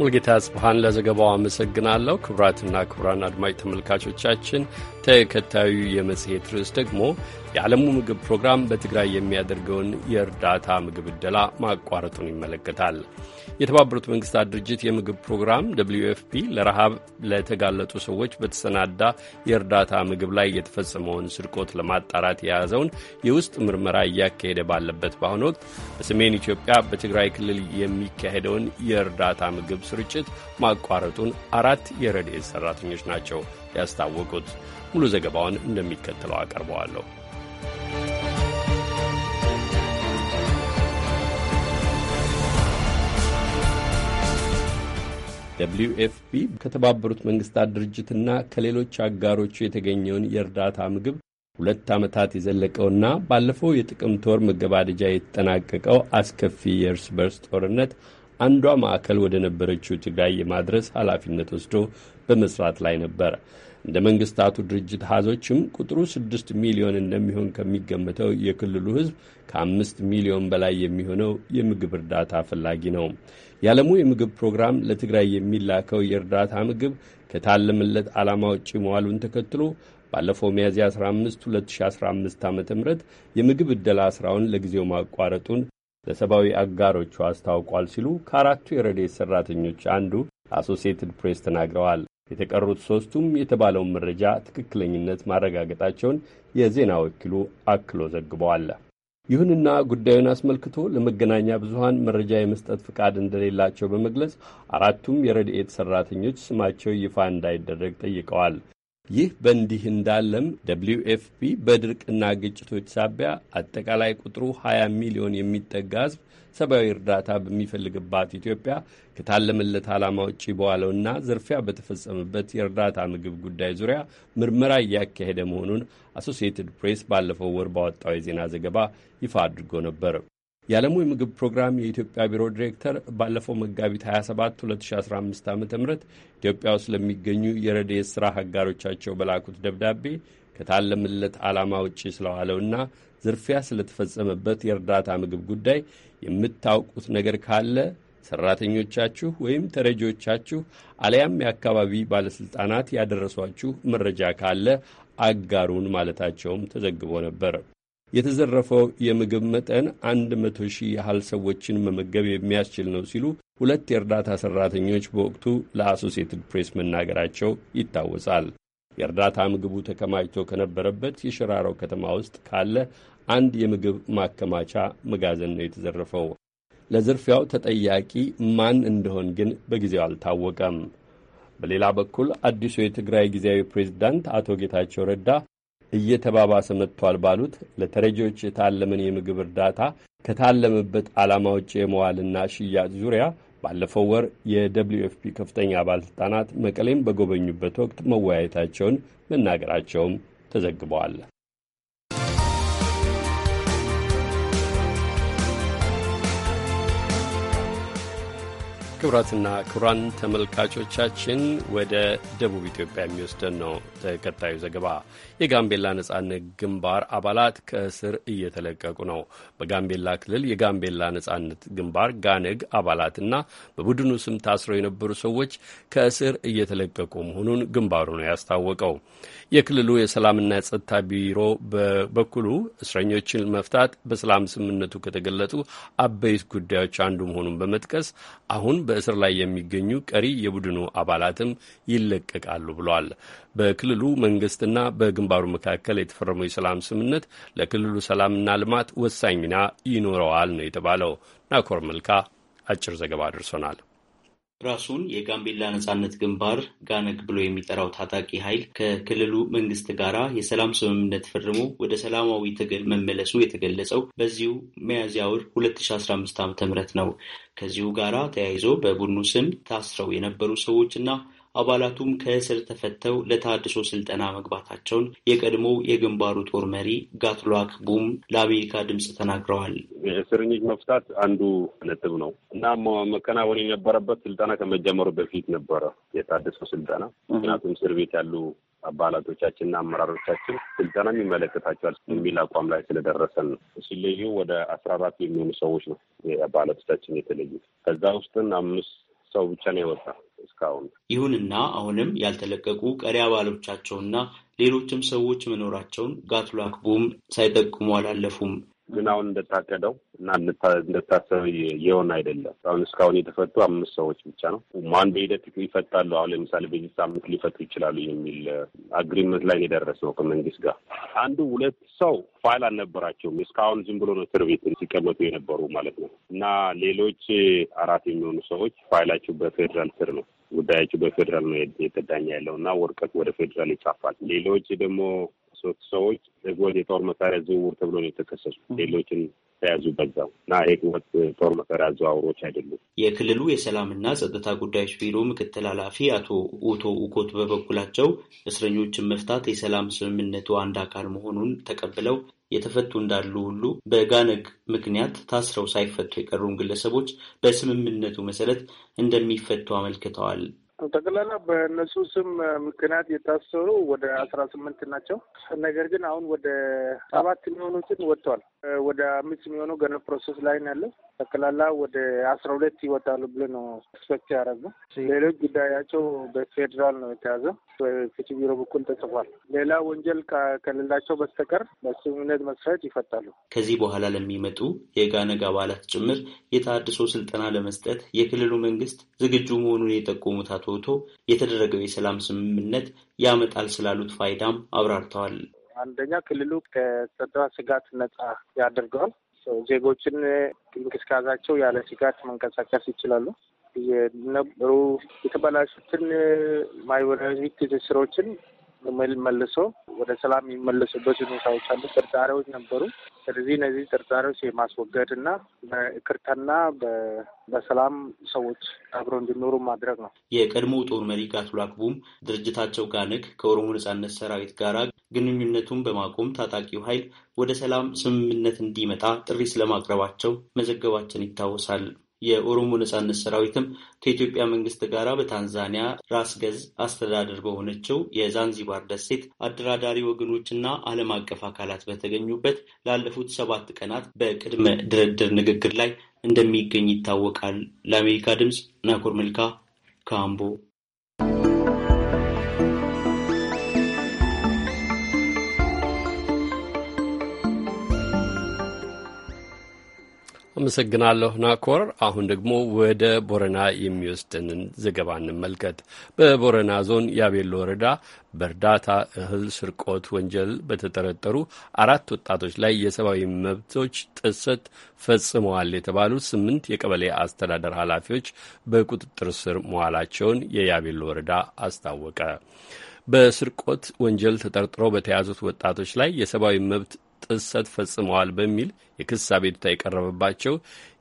ሙልጌታ ጽብሃን ለዘገባው አመሰግናለሁ። ክቡራትና ክቡራን አድማጭ ተመልካቾቻችን ተከታዩ የመጽሔት ርዕስ ደግሞ የዓለሙ ምግብ ፕሮግራም በትግራይ የሚያደርገውን የእርዳታ ምግብ እደላ ማቋረጡን ይመለከታል። የተባበሩት መንግስታት ድርጅት የምግብ ፕሮግራም ደብልዩ ኤፍ ፒ ለረሃብ ለተጋለጡ ሰዎች በተሰናዳ የእርዳታ ምግብ ላይ የተፈጸመውን ስርቆት ለማጣራት የያዘውን የውስጥ ምርመራ እያካሄደ ባለበት በአሁኑ ወቅት በሰሜን ኢትዮጵያ በትግራይ ክልል የሚካሄደውን የእርዳታ ምግብ ስርጭት ማቋረጡን አራት የረድኤት ሰራተኞች ናቸው ያስታወቁት። ሙሉ ዘገባውን እንደሚከተለው አቀርበዋለሁ። ደብልዩ ኤፍ ፒ ከተባበሩት መንግስታት ድርጅትና ከሌሎች አጋሮቹ የተገኘውን የእርዳታ ምግብ ሁለት ዓመታት የዘለቀውና ባለፈው የጥቅምት ወር መገባደጃ የተጠናቀቀው አስከፊ የእርስ በርስ ጦርነት አንዷ ማዕከል ወደ ነበረችው ትግራይ የማድረስ ኃላፊነት ወስዶ በመስራት ላይ ነበር። እንደ መንግስታቱ ድርጅት ሀዞችም ቁጥሩ ስድስት ሚሊዮን እንደሚሆን ከሚገመተው የክልሉ ሕዝብ ከአምስት ሚሊዮን በላይ የሚሆነው የምግብ እርዳታ ፈላጊ ነው። የዓለሙ የምግብ ፕሮግራም ለትግራይ የሚላከው የእርዳታ ምግብ ከታለምለት ዓላማ ውጪ መዋሉን ተከትሎ ባለፈው ሚያዝያ 15 2015 ዓ ም የምግብ ዕደላ ሥራውን ለጊዜው ማቋረጡን ለሰብአዊ አጋሮቹ አስታውቋል ሲሉ ከአራቱ የረዴት ሠራተኞች አንዱ አሶሲየትድ ፕሬስ ተናግረዋል። የተቀሩት ሦስቱም የተባለውን መረጃ ትክክለኝነት ማረጋገጣቸውን የዜና ወኪሉ አክሎ ዘግበዋል። ይሁንና ጉዳዩን አስመልክቶ ለመገናኛ ብዙኃን መረጃ የመስጠት ፍቃድ እንደሌላቸው በመግለጽ አራቱም የረድኤት ሰራተኞች ስማቸው ይፋ እንዳይደረግ ጠይቀዋል። ይህ በእንዲህ እንዳለም ደብሊው ኤፍ ፒ በድርቅና ግጭቶች ሳቢያ አጠቃላይ ቁጥሩ 20 ሚሊዮን የሚጠጋ ሕዝብ ሰብአዊ እርዳታ በሚፈልግባት ኢትዮጵያ ከታለመለት ዓላማ ውጪ በዋለውና ዝርፊያ በተፈጸመበት የእርዳታ ምግብ ጉዳይ ዙሪያ ምርመራ እያካሄደ መሆኑን አሶሲየትድ ፕሬስ ባለፈው ወር ባወጣው የዜና ዘገባ ይፋ አድርጎ ነበር። የዓለሙ የምግብ ፕሮግራም የኢትዮጵያ ቢሮ ዲሬክተር ባለፈው መጋቢት 27 2015 ዓ ም ኢትዮጵያ ውስጥ ለሚገኙ የረድኤት ሥራ አጋሮቻቸው በላኩት ደብዳቤ ከታለምለት ዓላማ ውጪ ስለዋለውና ዝርፊያ ስለተፈጸመበት የእርዳታ ምግብ ጉዳይ የምታውቁት ነገር ካለ ሰራተኞቻችሁ ወይም ተረጂዎቻችሁ አሊያም የአካባቢ ባለሥልጣናት ያደረሷችሁ መረጃ ካለ አጋሩን ማለታቸውም ተዘግቦ ነበር። የተዘረፈው የምግብ መጠን አንድ መቶ ሺህ ያህል ሰዎችን መመገብ የሚያስችል ነው ሲሉ ሁለት የእርዳታ ሠራተኞች በወቅቱ ለአሶሲየትድ ፕሬስ መናገራቸው ይታወሳል። የእርዳታ ምግቡ ተከማችቶ ከነበረበት የሸራሮው ከተማ ውስጥ ካለ አንድ የምግብ ማከማቻ መጋዘን ነው የተዘረፈው። ለዝርፊያው ተጠያቂ ማን እንደሆን ግን በጊዜው አልታወቀም። በሌላ በኩል አዲሱ የትግራይ ጊዜያዊ ፕሬዝዳንት አቶ ጌታቸው ረዳ እየተባባሰ መጥቷል ባሉት ለተረጂዎች የታለመን የምግብ እርዳታ ከታለመበት ዓላማ ውጭ የመዋልና ሽያጭ ዙሪያ ባለፈው ወር የደብሊው ኤፍፒ ከፍተኛ ባለሥልጣናት መቀሌም በጎበኙበት ወቅት መወያየታቸውን መናገራቸውም ተዘግበዋል። ክቡራትና ክቡራን ተመልካቾቻችን ወደ ደቡብ ኢትዮጵያ የሚወስደን ነው ተከታዩ ዘገባ የጋምቤላ ነጻነት ግንባር አባላት ከእስር እየተለቀቁ ነው። በጋምቤላ ክልል የጋምቤላ ነጻነት ግንባር ጋንግ አባላትና በቡድኑ ስም ታስረው የነበሩ ሰዎች ከእስር እየተለቀቁ መሆኑን ግንባሩ ነው ያስታወቀው። የክልሉ የሰላምና የጸጥታ ቢሮ በበኩሉ እስረኞችን መፍታት በሰላም ስምምነቱ ከተገለጡ አበይት ጉዳዮች አንዱ መሆኑን በመጥቀስ አሁን በእስር ላይ የሚገኙ ቀሪ የቡድኑ አባላትም ይለቀቃሉ ብሏል። በክልሉ በክልሉ መንግስትና በግንባሩ መካከል የተፈረመው የሰላም ስምምነት ለክልሉ ሰላምና ልማት ወሳኝ ሚና ይኖረዋል ነው የተባለው። ናኮር መልካ አጭር ዘገባ አድርሶናል። ራሱን የጋምቤላ ነጻነት ግንባር ጋነግ ብሎ የሚጠራው ታጣቂ ኃይል ከክልሉ መንግስት ጋር የሰላም ስምምነት ፈርሞ ወደ ሰላማዊ ትግል መመለሱ የተገለጸው በዚሁ ሚያዝያ ወር 2015 ዓ.ም ነው። ከዚሁ ጋራ ተያይዞ በቡድኑ ስም ታስረው የነበሩ ሰዎችና አባላቱም ከእስር ተፈተው ለታድሶ ስልጠና መግባታቸውን የቀድሞው የግንባሩ ጦር መሪ ጋትሏክ ቡም ለአሜሪካ ድምፅ ተናግረዋል። እስረኞች መፍታት አንዱ ነጥብ ነው እና መከናወን የነበረበት ስልጠና ከመጀመሩ በፊት ነበረ የታድሶ ስልጠና። ምክንያቱም እስር ቤት ያሉ አባላቶቻችንና አመራሮቻችን ስልጠና ይመለከታቸዋል የሚል አቋም ላይ ስለደረሰን ነው። ሲለዩ ወደ አስራ አራት የሚሆኑ ሰዎች ነው የአባላቶቻችን የተለዩ። ከዛ ውስጥን አምስት ሰው ብቻ ነው የወጣ እስካሁን። ይሁንና አሁንም ያልተለቀቁ ቀሪ አባሎቻቸውና ሌሎችም ሰዎች መኖራቸውን ጋትሎ አክቡም ሳይጠቅሙ አላለፉም። ግን አሁን እንደታቀደው እና እንደታሰበው የሆነ አይደለም። አሁን እስካሁን የተፈቱ አምስት ሰዎች ብቻ ነው። ማን በሂደት ይፈታሉ። አሁን ለምሳሌ በዚህ ሳምንት ሊፈቱ ይችላሉ የሚል አግሪመንት ላይ የደረሰው ከመንግስት ጋር አንዱ ሁለት ሰው ፋይል አልነበራቸውም። እስካሁን ዝም ብሎ ነው እስር ቤት ሲቀመጡ የነበሩ ማለት ነው እና ሌሎች አራት የሚሆኑ ሰዎች ፋይላቸው በፌዴራል ስር ነው ጉዳያቸው በፌዴራል ነው የተዳኛ ያለው እና ወርቀት ወደ ፌዴራል ይጻፋል። ሌሎች ደግሞ ሶስት ሰዎች ህገወጥ የጦር መሳሪያ ዝውውር ተብሎ ነው የተከሰሱ። ሌሎችን ተያዙ በዛው እና ህገወጥ ጦር መሳሪያ አዘዋውሮች አይደሉም። የክልሉ የሰላምና ጸጥታ ጉዳዮች ቢሮ ምክትል ኃላፊ አቶ ኡቶ ኡኮት በበኩላቸው እስረኞችን መፍታት የሰላም ስምምነቱ አንድ አካል መሆኑን ተቀብለው የተፈቱ እንዳሉ ሁሉ በጋነግ ምክንያት ታስረው ሳይፈቱ የቀሩን ግለሰቦች በስምምነቱ መሰረት እንደሚፈቱ አመልክተዋል። ጠቅላላ በእነሱ ስም ምክንያት የታሰሩ ወደ አስራ ስምንት ናቸው። ነገር ግን አሁን ወደ ሰባት የሚሆኑትን ወጥተዋል። ወደ አምስት የሚሆኑ ገና ፕሮሰስ ላይ ያለው ጠቅላላ ወደ አስራ ሁለት ይወጣሉ ብሎ ነው ስፔክት ያደረገው። ሌሎች ጉዳያቸው በፌዴራል ነው የተያዘ፣ በፍትህ ቢሮ በኩል ተጽፏል። ሌላ ወንጀል ከሌላቸው በስተቀር በስምምነት መስራት ይፈታሉ። ከዚህ በኋላ ለሚመጡ የጋነግ አባላት ጭምር የታድሶ ስልጠና ለመስጠት የክልሉ መንግስት ዝግጁ መሆኑን የጠቆሙት ተወጥቶ የተደረገው የሰላም ስምምነት ያመጣል ስላሉት ፋይዳም አብራርተዋል። አንደኛ ክልሉ ከጸጥታ ስጋት ነጻ ያደርገዋል። ዜጎችን እንቅስቃሴያቸው ያለ ስጋት መንቀሳቀስ ይችላሉ። የነበሩ የተበላሹትን ማህበራዊ ትስስሮችን መልሶ ወደ ሰላም የሚመለሱበት ሁኔታዎች አሉ። ጥርጣሬዎች ነበሩ። ስለዚህ እነዚህ ጥርጣሬዎች የማስወገድ እና በእክርታና በሰላም ሰዎች አብረው እንዲኖሩ ማድረግ ነው። የቀድሞ ጦር መሪ ጋትሎ አክቡም ድርጅታቸው ጋንግ ከኦሮሞ ነጻነት ሰራዊት ጋር ግንኙነቱን በማቆም ታጣቂው ኃይል ወደ ሰላም ስምምነት እንዲመጣ ጥሪ ስለማቅረባቸው መዘገባችን ይታወሳል። የኦሮሞ ነጻነት ሰራዊትም ከኢትዮጵያ መንግስት ጋር በታንዛኒያ ራስ ገዝ አስተዳደር በሆነችው የዛንዚባር ደሴት አደራዳሪ ወገኖችና ዓለም አቀፍ አካላት በተገኙበት ላለፉት ሰባት ቀናት በቅድመ ድርድር ንግግር ላይ እንደሚገኝ ይታወቃል። ለአሜሪካ ድምፅ ናኮር መልካ ካምቦ አመሰግናለሁ ናኮር። አሁን ደግሞ ወደ ቦረና የሚወስደንን ዘገባ እንመልከት። በቦረና ዞን ያቤሎ ወረዳ በእርዳታ እህል ስርቆት ወንጀል በተጠረጠሩ አራት ወጣቶች ላይ የሰብአዊ መብቶች ጥሰት ፈጽመዋል የተባሉ ስምንት የቀበሌ አስተዳደር ኃላፊዎች በቁጥጥር ስር መዋላቸውን የያቤሎ ወረዳ አስታወቀ። በስርቆት ወንጀል ተጠርጥሮ በተያዙት ወጣቶች ላይ የሰብአዊ መብት ጥሰት ፈጽመዋል በሚል የክስ አቤቱታ የቀረበባቸው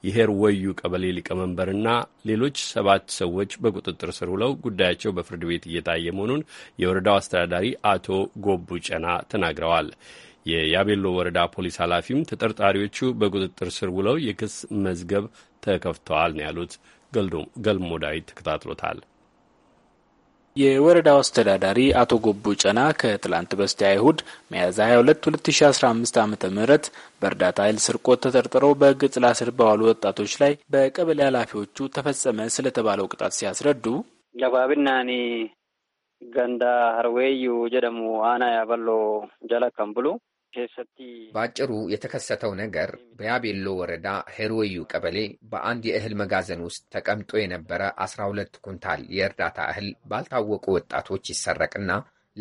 የሄር ወዩ ቀበሌ ሊቀመንበርና ሌሎች ሰባት ሰዎች በቁጥጥር ስር ውለው ጉዳያቸው በፍርድ ቤት እየታየ መሆኑን የወረዳው አስተዳዳሪ አቶ ጎቡ ጨና ተናግረዋል። የያቤሎ ወረዳ ፖሊስ ኃላፊም ተጠርጣሪዎቹ በቁጥጥር ስር ውለው የክስ መዝገብ ተከፍተዋል ነው ያሉት። ገልሞ ዳዊት ተከታትሎታል። የወረዳው አስተዳዳሪ አቶ ጎቦ ጨና ከትላንት በስቲያ እሁድ ሚያዝያ 22 2015 ዓ ዓ.ም በእርዳታ ኃይል ስርቆት ተጠርጥረው በሕግ ጥላ ስር በዋሉ ወጣቶች ላይ በቀበሌ ኃላፊዎቹ ተፈጸመ ስለተባለው ቅጣት ሲያስረዱ ገባብናኒ ገንዳ ሀርዌዩ ጀደሙ አና ያበሎ ጀለከም ብሉ በአጭሩ የተከሰተው ነገር በያቤሎ ወረዳ ሄሮዩ ቀበሌ በአንድ የእህል መጋዘን ውስጥ ተቀምጦ የነበረ 12 ኩንታል የእርዳታ እህል ባልታወቁ ወጣቶች ይሰረቅና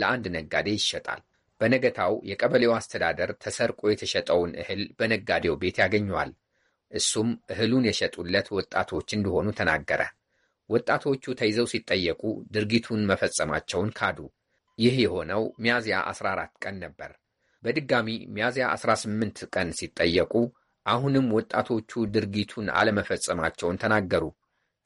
ለአንድ ነጋዴ ይሸጣል። በነገታው የቀበሌው አስተዳደር ተሰርቆ የተሸጠውን እህል በነጋዴው ቤት ያገኘዋል። እሱም እህሉን የሸጡለት ወጣቶች እንደሆኑ ተናገረ። ወጣቶቹ ተይዘው ሲጠየቁ ድርጊቱን መፈጸማቸውን ካዱ። ይህ የሆነው ሚያዝያ 14 ቀን ነበር። በድጋሚ ሚያዝያ 18 ቀን ሲጠየቁ አሁንም ወጣቶቹ ድርጊቱን አለመፈጸማቸውን ተናገሩ።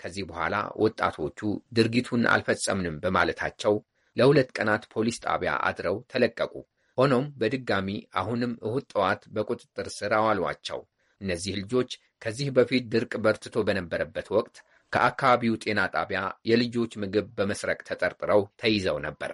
ከዚህ በኋላ ወጣቶቹ ድርጊቱን አልፈጸምንም በማለታቸው ለሁለት ቀናት ፖሊስ ጣቢያ አድረው ተለቀቁ። ሆኖም በድጋሚ አሁንም እሁድ ጠዋት በቁጥጥር ስር አዋሏቸው። እነዚህ ልጆች ከዚህ በፊት ድርቅ በርትቶ በነበረበት ወቅት ከአካባቢው ጤና ጣቢያ የልጆች ምግብ በመስረቅ ተጠርጥረው ተይዘው ነበር።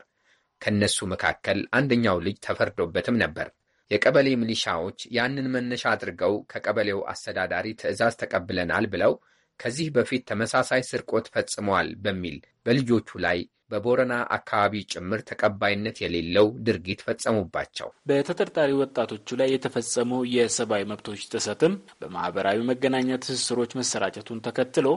ከእነሱ መካከል አንደኛው ልጅ ተፈርዶበትም ነበር። የቀበሌ ሚሊሻዎች ያንን መነሻ አድርገው ከቀበሌው አስተዳዳሪ ትዕዛዝ ተቀብለናል ብለው ከዚህ በፊት ተመሳሳይ ስርቆት ፈጽመዋል በሚል በልጆቹ ላይ በቦረና አካባቢ ጭምር ተቀባይነት የሌለው ድርጊት ፈጸሙባቸው። በተጠርጣሪ ወጣቶቹ ላይ የተፈጸሙ የሰብአዊ መብቶች ጥሰትም በማህበራዊ መገናኛ ትስስሮች መሰራጨቱን ተከትሎ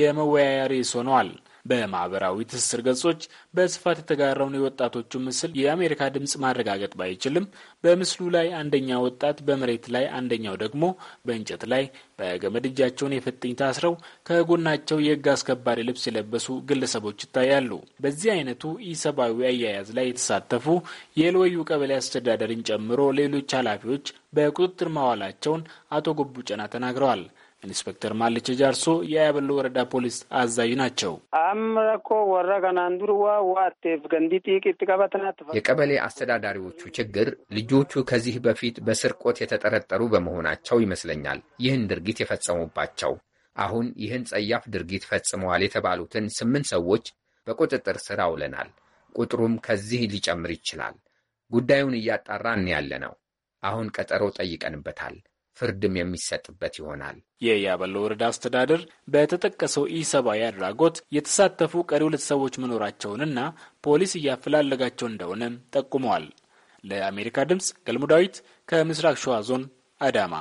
የመወያያ ርዕስ ሆነዋል። በማህበራዊ ትስስር ገጾች በስፋት የተጋራውን የወጣቶቹ ምስል የአሜሪካ ድምፅ ማረጋገጥ ባይችልም በምስሉ ላይ አንደኛው ወጣት በመሬት ላይ አንደኛው ደግሞ በእንጨት ላይ በገመድ እጃቸውን የፈጥኝ ታስረው ከጎናቸው የህግ አስከባሪ ልብስ የለበሱ ግለሰቦች ይታያሉ። በዚህ አይነቱ ኢሰብአዊ አያያዝ ላይ የተሳተፉ የልወዩ ቀበሌ አስተዳደርን ጨምሮ ሌሎች ኃላፊዎች በቁጥጥር ማዋላቸውን አቶ ጎቡ ጨና ተናግረዋል። ኢንስፔክተር ማልቼ ጃርሶ የአያበሎ ወረዳ ፖሊስ አዛዥ ናቸው። የቀበሌ አስተዳዳሪዎቹ ችግር ልጆቹ ከዚህ በፊት በስርቆት የተጠረጠሩ በመሆናቸው ይመስለኛል ይህን ድርጊት የፈጸሙባቸው። አሁን ይህን ጸያፍ ድርጊት ፈጽመዋል የተባሉትን ስምንት ሰዎች በቁጥጥር ስር አውለናል። ቁጥሩም ከዚህ ሊጨምር ይችላል። ጉዳዩን እያጣራን ያለ ነው። አሁን ቀጠሮ ጠይቀንበታል። ፍርድም የሚሰጥበት ይሆናል። የያበሎ ወረዳ አስተዳደር በተጠቀሰው ኢሰብአዊ አድራጎት የተሳተፉ ቀሪ ሁለት ሰዎች መኖራቸውንና ፖሊስ እያፈላለጋቸው እንደሆነ ጠቁመዋል። ለአሜሪካ ድምፅ ገልሙ ዳዊት ከምስራቅ ሸዋ ዞን አዳማ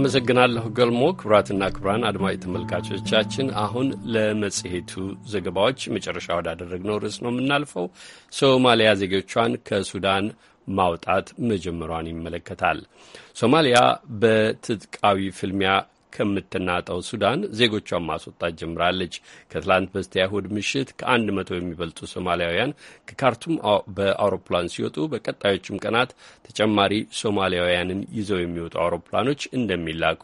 አመሰግናለሁ ገልሞ። ክቡራትና ክቡራን አድማጭ ተመልካቾቻችን አሁን ለመጽሔቱ ዘገባዎች መጨረሻ ወዳደረግነው ርዕስ ነው የምናልፈው። ሶማሊያ ዜጎቿን ከሱዳን ማውጣት መጀመሯን ይመለከታል። ሶማሊያ በትጥቃዊ ፍልሚያ ከምትናጠው ሱዳን ዜጎቿን ማስወጣት ጀምራለች። ከትላንት በስቲያ እሁድ ምሽት ከአንድ መቶ የሚበልጡ ሶማሊያውያን ከካርቱም በአውሮፕላን ሲወጡ በቀጣዮቹም ቀናት ተጨማሪ ሶማሊያውያንን ይዘው የሚወጡ አውሮፕላኖች እንደሚላኩ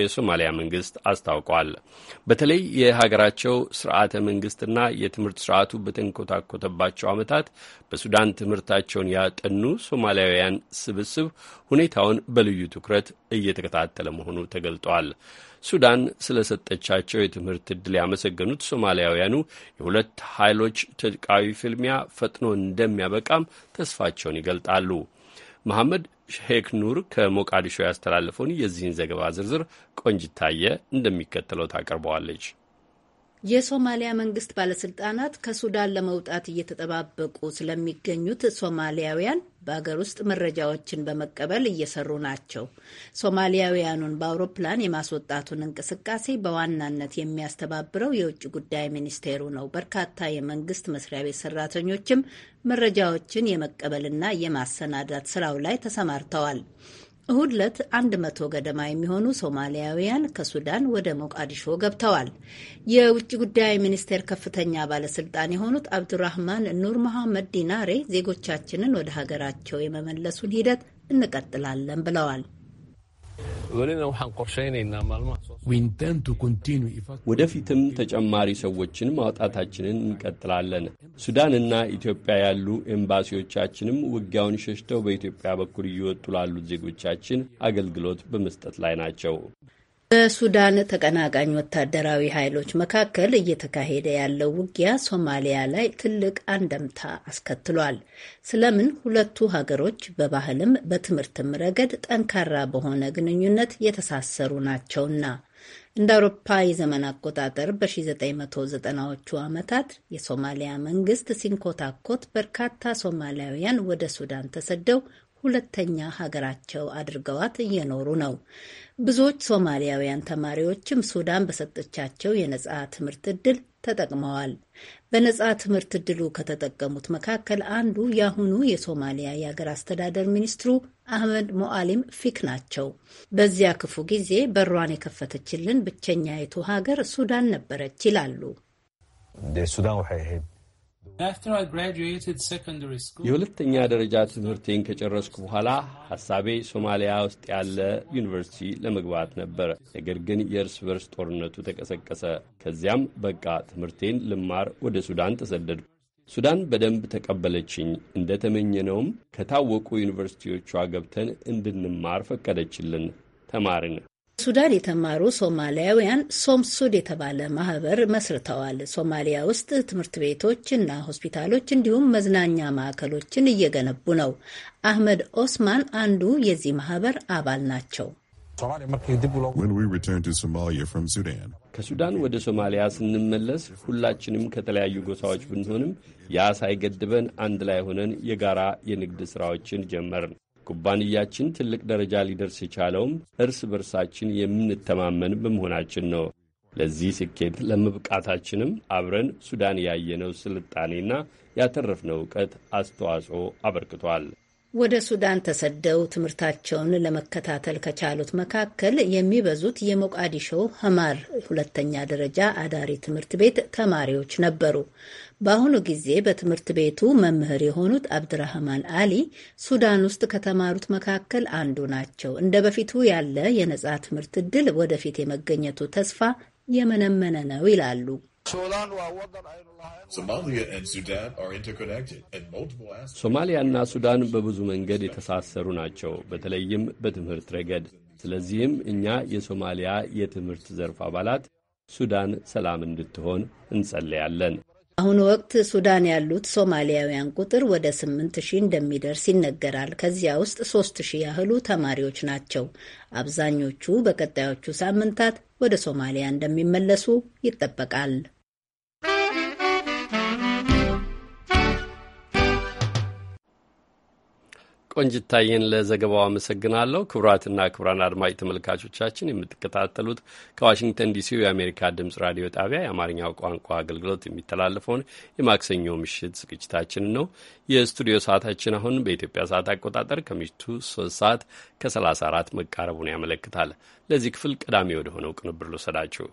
የሶማሊያ መንግስት አስታውቋል። በተለይ የሀገራቸው ስርዓተ መንግስትና የትምህርት ስርዓቱ በተንኮታኮተባቸው ዓመታት በሱዳን ትምህርታቸውን ያጠኑ ሶማሊያውያን ስብስብ ሁኔታውን በልዩ ትኩረት እየተከታተለ መሆኑ ተገልጧል። ሱዳን ስለ ሰጠቻቸው የትምህርት ዕድል ያመሰገኑት ሶማሊያውያኑ የሁለት ኃይሎች ትጥቃዊ ፍልሚያ ፈጥኖ እንደሚያበቃም ተስፋቸውን ይገልጣሉ። መሐመድ ሼክ ኑር ከሞቃዲሾ ያስተላለፈውን የዚህን ዘገባ ዝርዝር ቆንጅታየ እንደሚከተለው ታቀርበዋለች። የሶማሊያ መንግስት ባለስልጣናት ከሱዳን ለመውጣት እየተጠባበቁ ስለሚገኙት ሶማሊያውያን በአገር ውስጥ መረጃዎችን በመቀበል እየሰሩ ናቸው። ሶማሊያውያኑን በአውሮፕላን የማስወጣቱን እንቅስቃሴ በዋናነት የሚያስተባብረው የውጭ ጉዳይ ሚኒስቴሩ ነው። በርካታ የመንግስት መስሪያ ቤት ሰራተኞችም መረጃዎችን የመቀበልና የማሰናዳት ስራው ላይ ተሰማርተዋል። እሁድ ዕለት አንድ መቶ ገደማ የሚሆኑ ሶማሊያውያን ከሱዳን ወደ ሞቃዲሾ ገብተዋል። የውጭ ጉዳይ ሚኒስቴር ከፍተኛ ባለስልጣን የሆኑት አብዱራህማን ኑር መሐመድ ዲናሬ ዜጎቻችንን ወደ ሀገራቸው የመመለሱን ሂደት እንቀጥላለን ብለዋል። ወደፊትም ተጨማሪ ሰዎችን ማውጣታችንን እንቀጥላለን። ሱዳንና ኢትዮጵያ ያሉ ኤምባሲዎቻችንም ውጊያውን ሸሽተው በኢትዮጵያ በኩል እየወጡ ላሉት ዜጎቻችን አገልግሎት በመስጠት ላይ ናቸው። በሱዳን ተቀናቃኝ ወታደራዊ ኃይሎች መካከል እየተካሄደ ያለው ውጊያ ሶማሊያ ላይ ትልቅ አንደምታ አስከትሏል። ስለምን ሁለቱ ሀገሮች በባህልም በትምህርትም ረገድ ጠንካራ በሆነ ግንኙነት የተሳሰሩ ናቸውና እንደ አውሮፓ የዘመን አቆጣጠር በ1990ዎቹ ዓመታት የሶማሊያ መንግስት ሲንኮታኮት በርካታ ሶማሊያውያን ወደ ሱዳን ተሰደው ሁለተኛ ሀገራቸው አድርገዋት እየኖሩ ነው። ብዙዎች ሶማሊያውያን ተማሪዎችም ሱዳን በሰጠቻቸው የነጻ ትምህርት ዕድል ተጠቅመዋል። በነጻ ትምህርት ዕድሉ ከተጠቀሙት መካከል አንዱ የአሁኑ የሶማሊያ የሀገር አስተዳደር ሚኒስትሩ አህመድ ሞአሊም ፊክ ናቸው። በዚያ ክፉ ጊዜ በሯን የከፈተችልን ብቸኛይቱ ሀገር ሱዳን ነበረች ይላሉ። ሱዳን የሁለተኛ ደረጃ ትምህርቴን ከጨረስኩ በኋላ ሐሳቤ ሶማሊያ ውስጥ ያለ ዩኒቨርሲቲ ለመግባት ነበር። ነገር ግን የእርስ በርስ ጦርነቱ ተቀሰቀሰ። ከዚያም በቃ ትምህርቴን ልማር ወደ ሱዳን ተሰደድኩ። ሱዳን በደንብ ተቀበለችኝ። እንደተመኘነውም ከታወቁ ዩኒቨርሲቲዎቿ ገብተን እንድንማር ፈቀደችልን። ተማርን። ሱዳን የተማሩ ሶማሊያውያን ሶምሱድ የተባለ ማህበር መስርተዋል። ሶማሊያ ውስጥ ትምህርት ቤቶች እና ሆስፒታሎች እንዲሁም መዝናኛ ማዕከሎችን እየገነቡ ነው። አህመድ ኦስማን አንዱ የዚህ ማህበር አባል ናቸው። ከሱዳን ወደ ሶማሊያ ስንመለስ ሁላችንም ከተለያዩ ጎሳዎች ብንሆንም ያ ሳይገድበን አንድ ላይ ሆነን የጋራ የንግድ ሥራዎችን ጀመርን። ኩባንያችን ትልቅ ደረጃ ሊደርስ የቻለውም እርስ በርሳችን የምንተማመን በመሆናችን ነው። ለዚህ ስኬት ለመብቃታችንም አብረን ሱዳን ያየነው ስልጣኔና ያተረፍነው እውቀት አስተዋጽኦ አበርክቷል። ወደ ሱዳን ተሰደው ትምህርታቸውን ለመከታተል ከቻሉት መካከል የሚበዙት የሞቃዲሾ ሀማር ሁለተኛ ደረጃ አዳሪ ትምህርት ቤት ተማሪዎች ነበሩ። በአሁኑ ጊዜ በትምህርት ቤቱ መምህር የሆኑት አብድራህማን አሊ ሱዳን ውስጥ ከተማሩት መካከል አንዱ ናቸው። እንደ በፊቱ ያለ የነጻ ትምህርት እድል ወደፊት የመገኘቱ ተስፋ የመነመነ ነው ይላሉ። ሶማሊያና ሱዳን በብዙ መንገድ የተሳሰሩ ናቸው፣ በተለይም በትምህርት ረገድ። ስለዚህም እኛ የሶማሊያ የትምህርት ዘርፍ አባላት ሱዳን ሰላም እንድትሆን እንጸለያለን። በአሁኑ ወቅት ሱዳን ያሉት ሶማሊያውያን ቁጥር ወደ ስምንት ሺህ እንደሚደርስ ይነገራል። ከዚያ ውስጥ ሶስት ሺህ ያህሉ ተማሪዎች ናቸው። አብዛኞቹ በቀጣዮቹ ሳምንታት ወደ ሶማሊያ እንደሚመለሱ ይጠበቃል። ቆንጅታየን ለዘገባው አመሰግናለሁ። ክቡራትና ክቡራን አድማጭ ተመልካቾቻችን የምትከታተሉት ከዋሽንግተን ዲሲው የአሜሪካ ድምጽ ራዲዮ ጣቢያ የአማርኛው ቋንቋ አገልግሎት የሚተላለፈውን የማክሰኞ ምሽት ዝግጅታችን ነው። የስቱዲዮ ሰዓታችን አሁን በኢትዮጵያ ሰዓት አቆጣጠር ከምሽቱ ሶስት ሰዓት ከሰላሳ አራት መቃረቡን ያመለክታል። ለዚህ ክፍል ቀዳሚ ወደሆነው ቅንብር ልውሰዳችሁ።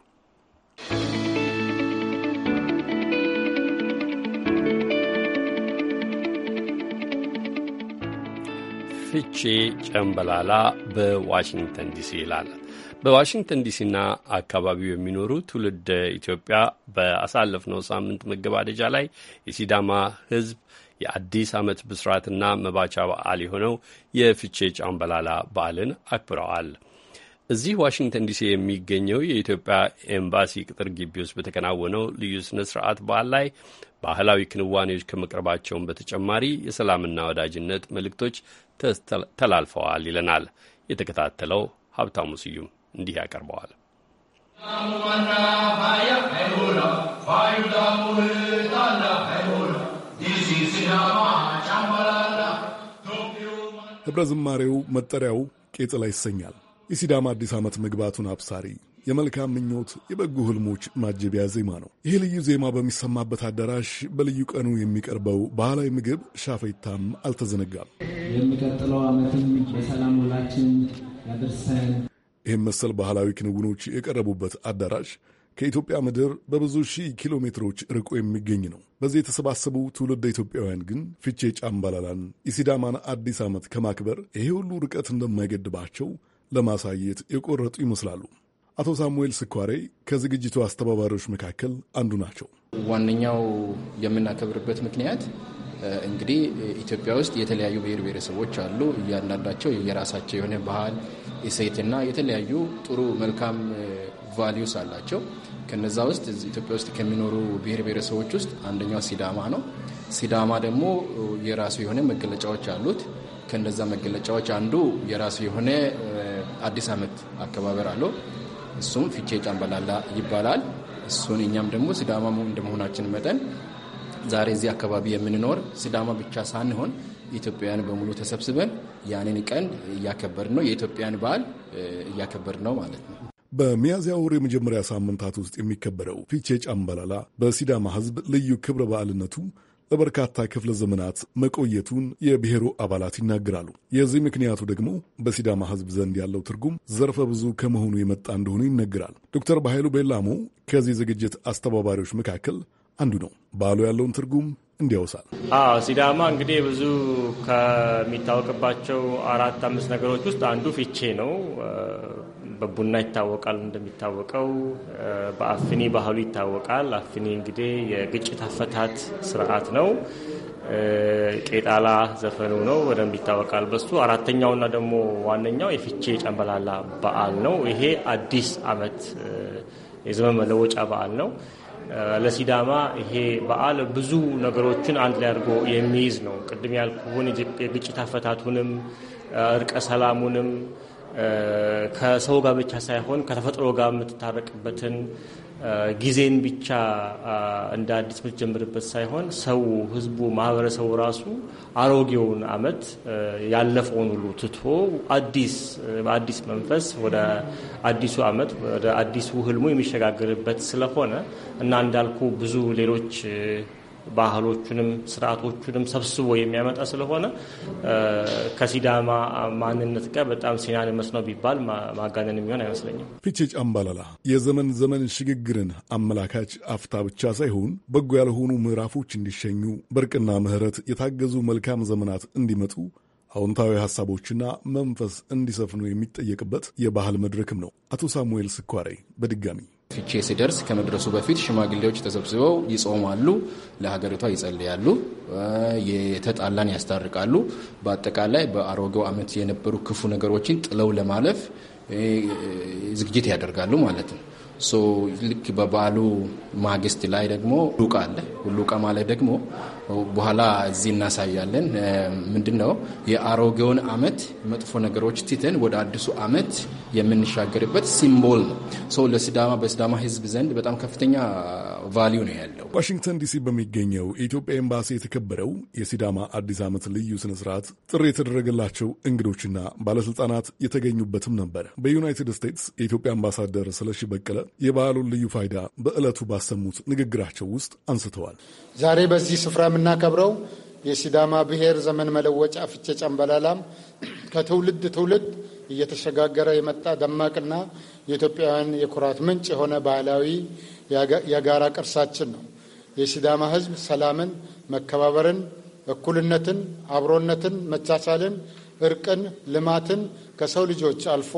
ፍቼ ጨምበላላ በዋሽንግተን ዲሲ ይላል። በዋሽንግተን ዲሲና አካባቢው የሚኖሩ ትውልድ ኢትዮጵያ በአሳለፍነው ሳምንት መገባደጃ ላይ የሲዳማ ሕዝብ የአዲስ ዓመት ብስራትና መባቻ በዓል የሆነው የፍቼ ጨምበላላ በዓልን አክብረዋል። እዚህ ዋሽንግተን ዲሲ የሚገኘው የኢትዮጵያ ኤምባሲ ቅጥር ግቢ ውስጥ በተከናወነው ልዩ ስነ ስርዓት በዓል ላይ ባህላዊ ክንዋኔዎች ከመቅረባቸውን በተጨማሪ የሰላምና ወዳጅነት መልእክቶች ተላልፈዋል ይለናል። የተከታተለው ሀብታሙ ስዩም እንዲህ ያቀርበዋል። ህብረ ዝማሬው መጠሪያው ቄጥላ ይሰኛል። የሲዳማ አዲስ ዓመት መግባቱን አብሳሪ የመልካም ምኞት፣ የበጎ ህልሞች ማጀቢያ ዜማ ነው። ይህ ልዩ ዜማ በሚሰማበት አዳራሽ በልዩ ቀኑ የሚቀርበው ባህላዊ ምግብ ሻፈይታም አልተዘነጋም። የሚቀጥለው ዓመትም በሰላም ውላችን ያድርሰን። ይህም መሰል ባህላዊ ክንውኖች የቀረቡበት አዳራሽ ከኢትዮጵያ ምድር በብዙ ሺህ ኪሎ ሜትሮች ርቆ የሚገኝ ነው። በዚህ የተሰባሰቡ ትውልድ ኢትዮጵያውያን ግን ፍቼ ጫምባላላን የሲዳማን አዲስ ዓመት ከማክበር ይሄ ሁሉ ርቀት እንደማይገድባቸው ለማሳየት የቆረጡ ይመስላሉ። አቶ ሳሙኤል ስኳሬ ከዝግጅቱ አስተባባሪዎች መካከል አንዱ ናቸው። ዋነኛው የምናከብርበት ምክንያት እንግዲህ ኢትዮጵያ ውስጥ የተለያዩ ብሔር ብሔረሰቦች አሉ። እያንዳንዳቸው የራሳቸው የሆነ ባህል፣ እሴትና የተለያዩ ጥሩ መልካም ቫሊዩስ አላቸው። ከነዛ ውስጥ ኢትዮጵያ ውስጥ ከሚኖሩ ብሔር ብሔረሰቦች ውስጥ አንደኛው ሲዳማ ነው። ሲዳማ ደግሞ የራሱ የሆነ መገለጫዎች አሉት። ከነዛ መገለጫዎች አንዱ የራሱ የሆነ አዲስ ዓመት አከባበር አለው። እሱም ፊቼ ጫምበላላ ይባላል። እሱን እኛም ደግሞ ሲዳማ እንደመሆናችን መጠን ዛሬ እዚህ አካባቢ የምንኖር ሲዳማ ብቻ ሳንሆን ኢትዮጵያውያን በሙሉ ተሰብስበን ያንን ቀን እያከበርን ነው። የኢትዮጵያን በዓል እያከበርን ነው ማለት ነው። በሚያዝያ ወር የመጀመሪያ ሳምንታት ውስጥ የሚከበረው ፊቼ ጫምበላላ በሲዳማ ሕዝብ ልዩ ክብረ በዓልነቱ ለበርካታ ክፍለ ዘመናት መቆየቱን የብሔሩ አባላት ይናገራሉ። የዚህ ምክንያቱ ደግሞ በሲዳማ ሕዝብ ዘንድ ያለው ትርጉም ዘርፈ ብዙ ከመሆኑ የመጣ እንደሆነ ይነገራል። ዶክተር በኃይሉ ቤላሞ ከዚህ ዝግጅት አስተባባሪዎች መካከል አንዱ ነው። በዓሉ ያለውን ትርጉም እንዲያውሳል። ሲዳማ እንግዲህ ብዙ ከሚታወቅባቸው አራት አምስት ነገሮች ውስጥ አንዱ ፊቼ ነው። በቡና ይታወቃል። እንደሚታወቀው በአፍኒ ባህሉ ይታወቃል። አፍኒ እንግዲህ የግጭት አፈታት ስርዓት ነው። ቄጣላ ዘፈኑ ነው፣ በደንብ ይታወቃል በሱ። አራተኛውና ደግሞ ዋነኛው የፍቼ ጨንበላላ በዓል ነው። ይሄ አዲስ አመት የዘመን መለወጫ በዓል ነው። ለሲዳማ ይሄ በዓል ብዙ ነገሮችን አንድ ላይ አድርጎ የሚይዝ ነው። ቅድም ያልኩህን የግጭት አፈታቱንም እርቀ ሰላሙንም ከሰው ጋር ብቻ ሳይሆን ከተፈጥሮ ጋር የምትታረቅበትን ጊዜን ብቻ እንደ አዲስ የምትጀምርበት ሳይሆን ሰው፣ ህዝቡ፣ ማህበረሰቡ ራሱ አሮጌውን አመት ያለፈውን ሁሉ ትቶ አዲስ በአዲስ መንፈስ ወደ አዲሱ አመት ወደ አዲሱ ህልሙ የሚሸጋገርበት ስለሆነ እና እንዳልኩ ብዙ ሌሎች ባህሎቹንም ስርዓቶቹንም ሰብስቦ የሚያመጣ ስለሆነ ከሲዳማ ማንነት ጋር በጣም ሲናንመስ ነው ቢባል ማጋነን የሚሆን አይመስለኝም። ፊቼ ጫምባላላ የዘመን ዘመን ሽግግርን አመላካች አፍታ ብቻ ሳይሆን በጎ ያልሆኑ ምዕራፎች እንዲሸኙ በርቅና ምሕረት የታገዙ መልካም ዘመናት እንዲመጡ አዎንታዊ ሀሳቦችና መንፈስ እንዲሰፍኑ የሚጠየቅበት የባህል መድረክም ነው። አቶ ሳሙኤል ስኳሬ በድጋሚ ፍቼ ሲደርስ ከመድረሱ በፊት ሽማግሌዎች ተሰብስበው ይጾማሉ፣ ለሀገሪቷ ይጸልያሉ፣ የተጣላን ያስታርቃሉ። በአጠቃላይ በአሮጌው ዓመት የነበሩ ክፉ ነገሮችን ጥለው ለማለፍ ዝግጅት ያደርጋሉ ማለት ነው። ሶ ልክ በበዓሉ ማግስት ላይ ደግሞ ሉቃ አለ። ሉቃ ማለት ደግሞ በኋላ እዚህ እናሳያለን። ምንድን ነው የአሮጌውን አመት መጥፎ ነገሮች ትተን ወደ አዲሱ ዓመት የምንሻገርበት ሲምቦል ነው። ሰው ለሲዳማ በሲዳማ ህዝብ ዘንድ በጣም ከፍተኛ ቫሊዩ ነው ያለው። ዋሽንግተን ዲሲ በሚገኘው የኢትዮጵያ ኤምባሲ የተከበረው የሲዳማ አዲስ ዓመት ልዩ ስነ ስርዓት ጥሪ የተደረገላቸው እንግዶችና ባለስልጣናት የተገኙበትም ነበር። በዩናይትድ ስቴትስ የኢትዮጵያ አምባሳደር ስለሺ በቀለ የበዓሉን ልዩ ፋይዳ በዕለቱ ባሰሙት ንግግራቸው ውስጥ አንስተዋል። ዛሬ በዚህ ስፍራ የምናከብረው የሲዳማ ብሔር ዘመን መለወጫ ፍቼ ጨምበላላም ከትውልድ ትውልድ እየተሸጋገረ የመጣ ደማቅና የኢትዮጵያውያን የኩራት ምንጭ የሆነ ባህላዊ የጋራ ቅርሳችን ነው። የሲዳማ ሕዝብ ሰላምን፣ መከባበርን፣ እኩልነትን፣ አብሮነትን፣ መቻቻልን፣ እርቅን፣ ልማትን ከሰው ልጆች አልፎ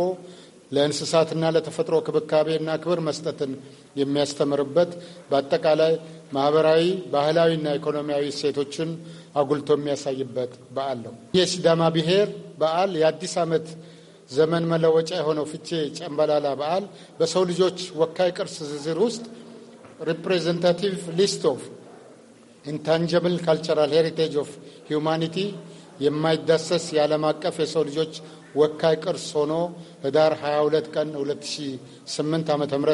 ለእንስሳትና ለተፈጥሮ ክብካቤና ክብር መስጠትን የሚያስተምርበት በአጠቃላይ ማህበራዊ፣ ባህላዊና ኢኮኖሚያዊ እሴቶችን አጉልቶ የሚያሳይበት በዓል ነው። የሲዳማ ብሔር በዓል የአዲስ ዓመት ዘመን መለወጫ የሆነው ፍቼ ጨምበላላ በዓል በሰው ልጆች ወካይ ቅርስ ዝርዝር ውስጥ ሪፕሬዘንታቲቭ ሊስት ኦፍ ኢንታንጀብል ካልቸራል ሄሪቴጅ ኦፍ ሂውማኒቲ የማይዳሰስ የዓለም አቀፍ የሰው ልጆች ወካይ ቅርስ ሆኖ ህዳር 22 ቀን 2008 ዓ ም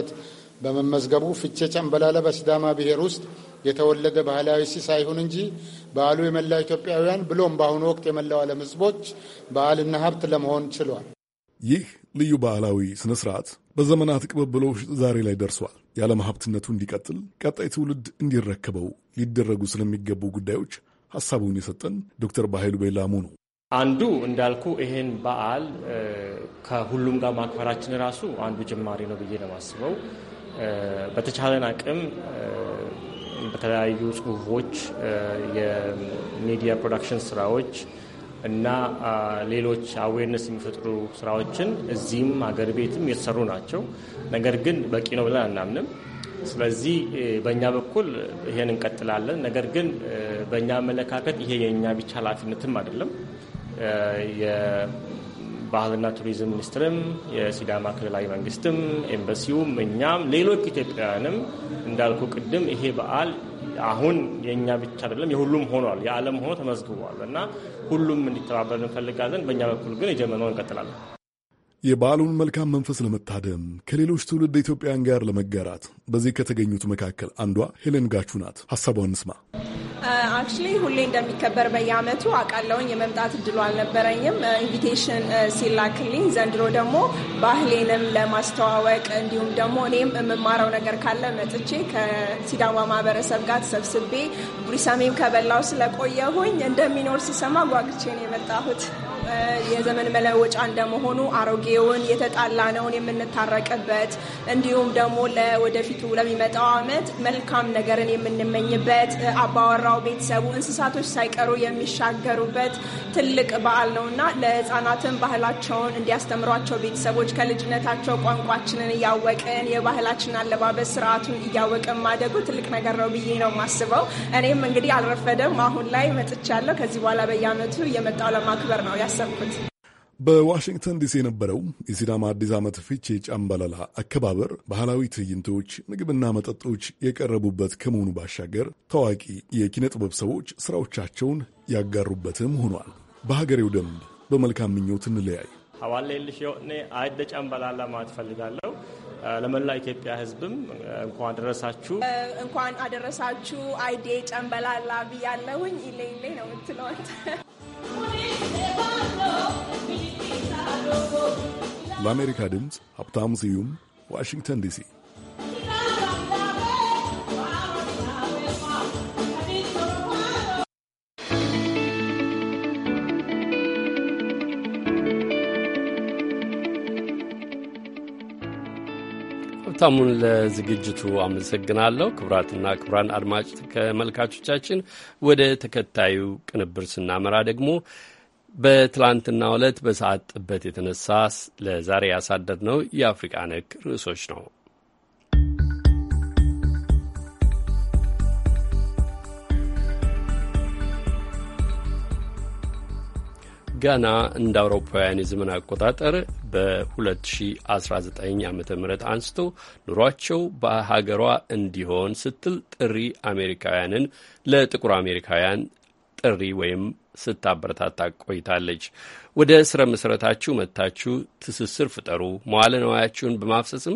በመመዝገቡ ፍቼ ጨምበላላ በሲዳማ ብሔር ውስጥ የተወለደ ባህላዊ ሲስ አይሁን እንጂ በዓሉ የመላ ኢትዮጵያውያን ብሎም በአሁኑ ወቅት የመላው ዓለም ህዝቦች በዓልና ሀብት ለመሆን ችሏል። ይህ ልዩ ባህላዊ ስነ ስርዓት በዘመናት ቅብብሎች ዛሬ ላይ ደርሷል። የዓለም ሀብትነቱ እንዲቀጥል ቀጣይ ትውልድ እንዲረከበው ሊደረጉ ስለሚገቡ ጉዳዮች ሀሳቡን የሰጠን ዶክተር በኃይሉ ቤላሙ ነው። አንዱ እንዳልኩ ይሄን በዓል ከሁሉም ጋር ማክበራችን ራሱ አንዱ ጅማሬ ነው ብዬ ነው የማስበው። በተቻለን አቅም በተለያዩ ጽሁፎች፣ የሚዲያ ፕሮዳክሽን ስራዎች እና ሌሎች አዌርነስ የሚፈጥሩ ስራዎችን እዚህም ሀገር ቤትም የተሰሩ ናቸው። ነገር ግን በቂ ነው ብለን አናምንም። ስለዚህ በእኛ በኩል ይሄን እንቀጥላለን። ነገር ግን በእኛ አመለካከት ይሄ የእኛ ብቻ ኃላፊነትም አይደለም። የባህልና ቱሪዝም ሚኒስትርም፣ የሲዳማ ክልላዊ መንግስትም፣ ኤምባሲውም፣ እኛም ሌሎች ኢትዮጵያውያንም እንዳልኩ ቅድም ይሄ በዓል አሁን የእኛ ብቻ አይደለም የሁሉም ሆኗል፣ የዓለም ሆኖ ተመዝግቧል እና ሁሉም እንዲተባበር እንፈልጋለን። በእኛ በኩል ግን የጀመርነው እንቀጥላለን። የበዓሉን መልካም መንፈስ ለመታደም ከሌሎች ትውልድ ኢትዮጵያውያን ጋር ለመጋራት በዚህ ከተገኙት መካከል አንዷ ሄሌን ጋቹ ናት። ሀሳቧን ስማ አክቹሊ ሁሌ እንደሚከበር በየአመቱ አቃለውን የመምጣት እድሉ አልነበረኝም። ኢንቪቴሽን uh, uh, ሲላክልኝ ዘንድሮ ደግሞ ባህሌንም ለማስተዋወቅ እንዲሁም ደግሞ እኔም የምማረው ነገር ካለ መጥቼ ከሲዳማ ማህበረሰብ ጋር ተሰብስቤ ቡሪሳሜም ከበላው ስለቆየሁኝ እንደሚኖር ሲሰማ ጓግቼ ነው የመጣሁት። የዘመን መለወጫ እንደመሆኑ አሮጌውን የተጣላነውን የምንታረቅበት እንዲሁም ደግሞ ለወደፊቱ ለሚመጣው ዓመት መልካም ነገርን የምንመኝበት አባወራው፣ ቤተሰቡ፣ እንስሳቶች ሳይቀሩ የሚሻገሩበት ትልቅ በዓል ነው እና ለሕፃናትም ባህላቸውን እንዲያስተምሯቸው ቤተሰቦች ከልጅነታቸው ቋንቋችንን እያወቅን የባህላችን አለባበስ ስርዓቱን እያወቅን ማደጉ ትልቅ ነገር ነው ብዬ ነው የማስበው። እኔም እንግዲህ አልረፈደም፣ አሁን ላይ መጥቻለሁ። ከዚህ በኋላ በየዓመቱ የመጣው ለማክበር ነው ያስ ያሰብኩት። በዋሽንግተን ዲሲ የነበረው የሲዳማ አዲስ ዓመት ፊቼ ጫምባላላ አከባበር ባህላዊ ትዕይንቶች፣ ምግብና መጠጦች የቀረቡበት ከመሆኑ ባሻገር ታዋቂ የኪነ ጥበብ ሰዎች ሥራዎቻቸውን ያጋሩበትም ሆኗል። በሀገሬው ደንብ በመልካም ምኞት እንለያይ ሀዋላ የልሽ አይደ ጫምባላላ ማለት ፈልጋለሁ። ለመላ ኢትዮጵያ ሕዝብም እንኳን አደረሳችሁ እንኳን አደረሳችሁ። አይዴ ጫምባላላ ብያለሁኝ። ኢሌ ኢሌ ነው የምትለዋት ለአሜሪካ ድምፅ ሀብታሙ ስዩም ዋሽንግተን ዲሲ። ሀብታሙን ለዝግጅቱ አመሰግናለሁ። ክቡራትና ክቡራን አድማጭ ተመልካቾቻችን ወደ ተከታዩ ቅንብር ስናመራ ደግሞ በትላንትና ዕለት በሰዓት ጥበት የተነሳ ለዛሬ ነው የአፍሪቃ ነክ ርዕሶች ነው። ጋና እንደ አውሮፓውያን የዘመን አቆጣጠር በ2019 ዓ ም አንስቶ ኑሯቸው በሀገሯ እንዲሆን ስትል ጥሪ አሜሪካውያንን ለጥቁር አሜሪካውያን ጥሪ ወይም ስታበረታታ ቆይታለች። ወደ ስረ መሰረታችሁ መጥታችሁ ትስስር ፍጠሩ፣ መዋለ ነዋያችሁን በማፍሰስም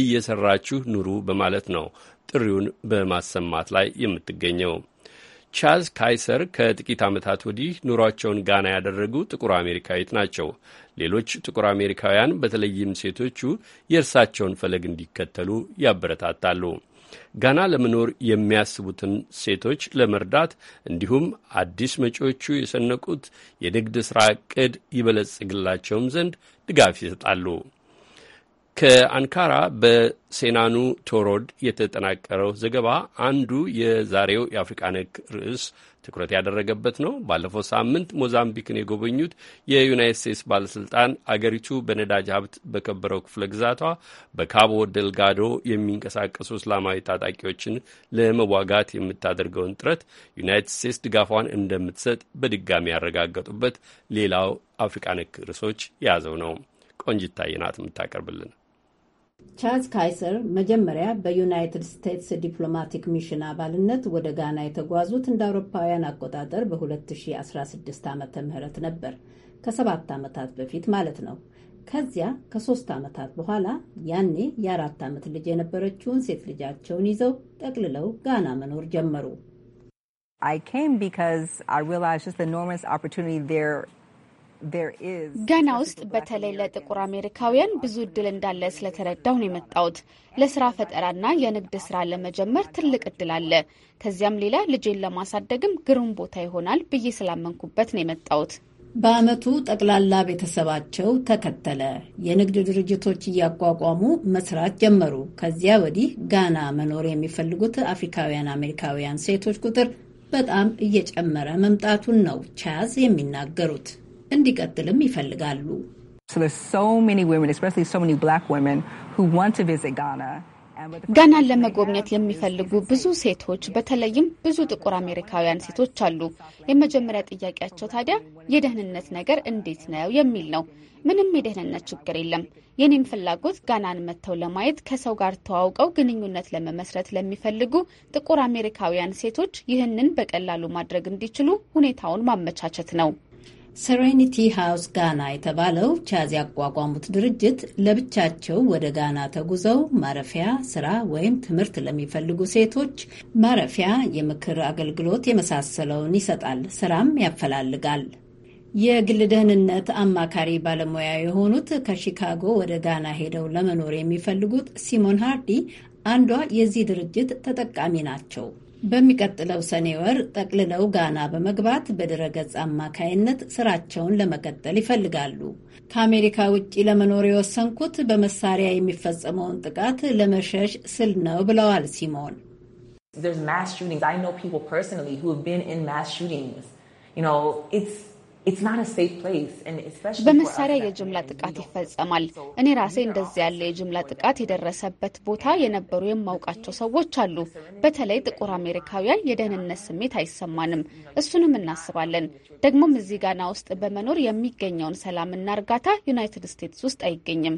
እየሰራችሁ ኑሩ በማለት ነው ጥሪውን በማሰማት ላይ የምትገኘው። ቻዝ ካይሰር ከጥቂት ዓመታት ወዲህ ኑሯቸውን ጋና ያደረጉ ጥቁር አሜሪካዊት ናቸው። ሌሎች ጥቁር አሜሪካውያን በተለይም ሴቶቹ የእርሳቸውን ፈለግ እንዲከተሉ ያበረታታሉ። ጋና ለመኖር የሚያስቡትን ሴቶች ለመርዳት እንዲሁም አዲስ መጪዎቹ የሰነቁት የንግድ ሥራ ዕቅድ ይበለጽግላቸውም ዘንድ ድጋፍ ይሰጣሉ። ከአንካራ በሴናኑ ቶሮድ የተጠናቀረው ዘገባ አንዱ የዛሬው የአፍሪቃ ነክ ርዕስ ትኩረት ያደረገበት ነው። ባለፈው ሳምንት ሞዛምቢክን የጎበኙት የዩናይት ስቴትስ ባለስልጣን አገሪቱ በነዳጅ ሀብት በከበረው ክፍለ ግዛቷ በካቦ ደልጋዶ የሚንቀሳቀሱ እስላማዊ ታጣቂዎችን ለመዋጋት የምታደርገውን ጥረት ዩናይትድ ስቴትስ ድጋፏን እንደምትሰጥ በድጋሚ ያረጋገጡበት ሌላው አፍሪቃ ነክ ርዕሶች የያዘው ነው። የናት የምታቀርብልን ቻርልስ ካይሰር መጀመሪያ በዩናይትድ ስቴትስ ዲፕሎማቲክ ሚሽን አባልነት ወደ ጋና የተጓዙት እንደ አውሮፓውያን አቆጣጠር በ2016 ዓ ም ነበር። ከሰባት ዓመታት በፊት ማለት ነው። ከዚያ ከሶስት ዓመታት በኋላ ያኔ የአራት ዓመት ልጅ የነበረችውን ሴት ልጃቸውን ይዘው ጠቅልለው ጋና መኖር ጀመሩ። I came because I realized just the enormous opportunity there ጋና ውስጥ በተለይ ለጥቁር አሜሪካውያን ብዙ እድል እንዳለ ስለተረዳሁ ነው የመጣሁት። ለስራ ፈጠራና የንግድ ስራ ለመጀመር ትልቅ እድል አለ። ከዚያም ሌላ ልጄን ለማሳደግም ግሩም ቦታ ይሆናል ብዬ ስላመንኩበት ነው የመጣሁት። በአመቱ ጠቅላላ ቤተሰባቸው ተከተለ። የንግድ ድርጅቶች እያቋቋሙ መስራት ጀመሩ። ከዚያ ወዲህ ጋና መኖር የሚፈልጉት አፍሪካውያን አሜሪካውያን ሴቶች ቁጥር በጣም እየጨመረ መምጣቱን ነው ቻዝ የሚናገሩት። እንዲቀጥልም ይፈልጋሉ። ጋናን ለመጎብኘት የሚፈልጉ ብዙ ሴቶች በተለይም ብዙ ጥቁር አሜሪካውያን ሴቶች አሉ። የመጀመሪያ ጥያቄያቸው ታዲያ የደህንነት ነገር እንዴት ነው የሚል ነው። ምንም የደህንነት ችግር የለም። የኔም ፍላጎት ጋናን መጥተው ለማየት ከሰው ጋር ተዋውቀው ግንኙነት ለመመስረት ለሚፈልጉ ጥቁር አሜሪካውያን ሴቶች ይህንን በቀላሉ ማድረግ እንዲችሉ ሁኔታውን ማመቻቸት ነው። ሰሬኒቲ ሃውስ ጋና የተባለው ቻዝ ያቋቋሙት ድርጅት ለብቻቸው ወደ ጋና ተጉዘው ማረፊያ፣ ስራ ወይም ትምህርት ለሚፈልጉ ሴቶች ማረፊያ፣ የምክር አገልግሎት የመሳሰለውን ይሰጣል። ስራም ያፈላልጋል። የግል ደህንነት አማካሪ ባለሙያ የሆኑት ከሺካጎ ወደ ጋና ሄደው ለመኖር የሚፈልጉት ሲሞን ሃርዲ አንዷ የዚህ ድርጅት ተጠቃሚ ናቸው። በሚቀጥለው ሰኔ ወር ጠቅልለው ጋና በመግባት በድረገጽ አማካይነት ስራቸውን ለመቀጠል ይፈልጋሉ። ከአሜሪካ ውጭ ለመኖር የወሰንኩት በመሳሪያ የሚፈጸመውን ጥቃት ለመሸሽ ስል ነው ብለዋል ሲሞን። There's mass shootings. I know people personally who have been in mass shootings. You know, it's በመሳሪያ የጅምላ ጥቃት ይፈጸማል። እኔ ራሴ እንደዚህ ያለ የጅምላ ጥቃት የደረሰበት ቦታ የነበሩ የማውቃቸው ሰዎች አሉ። በተለይ ጥቁር አሜሪካውያን የደህንነት ስሜት አይሰማንም። እሱንም እናስባለን። ደግሞም እዚህ ጋና ውስጥ በመኖር የሚገኘውን ሰላምና እርጋታ ዩናይትድ ስቴትስ ውስጥ አይገኝም።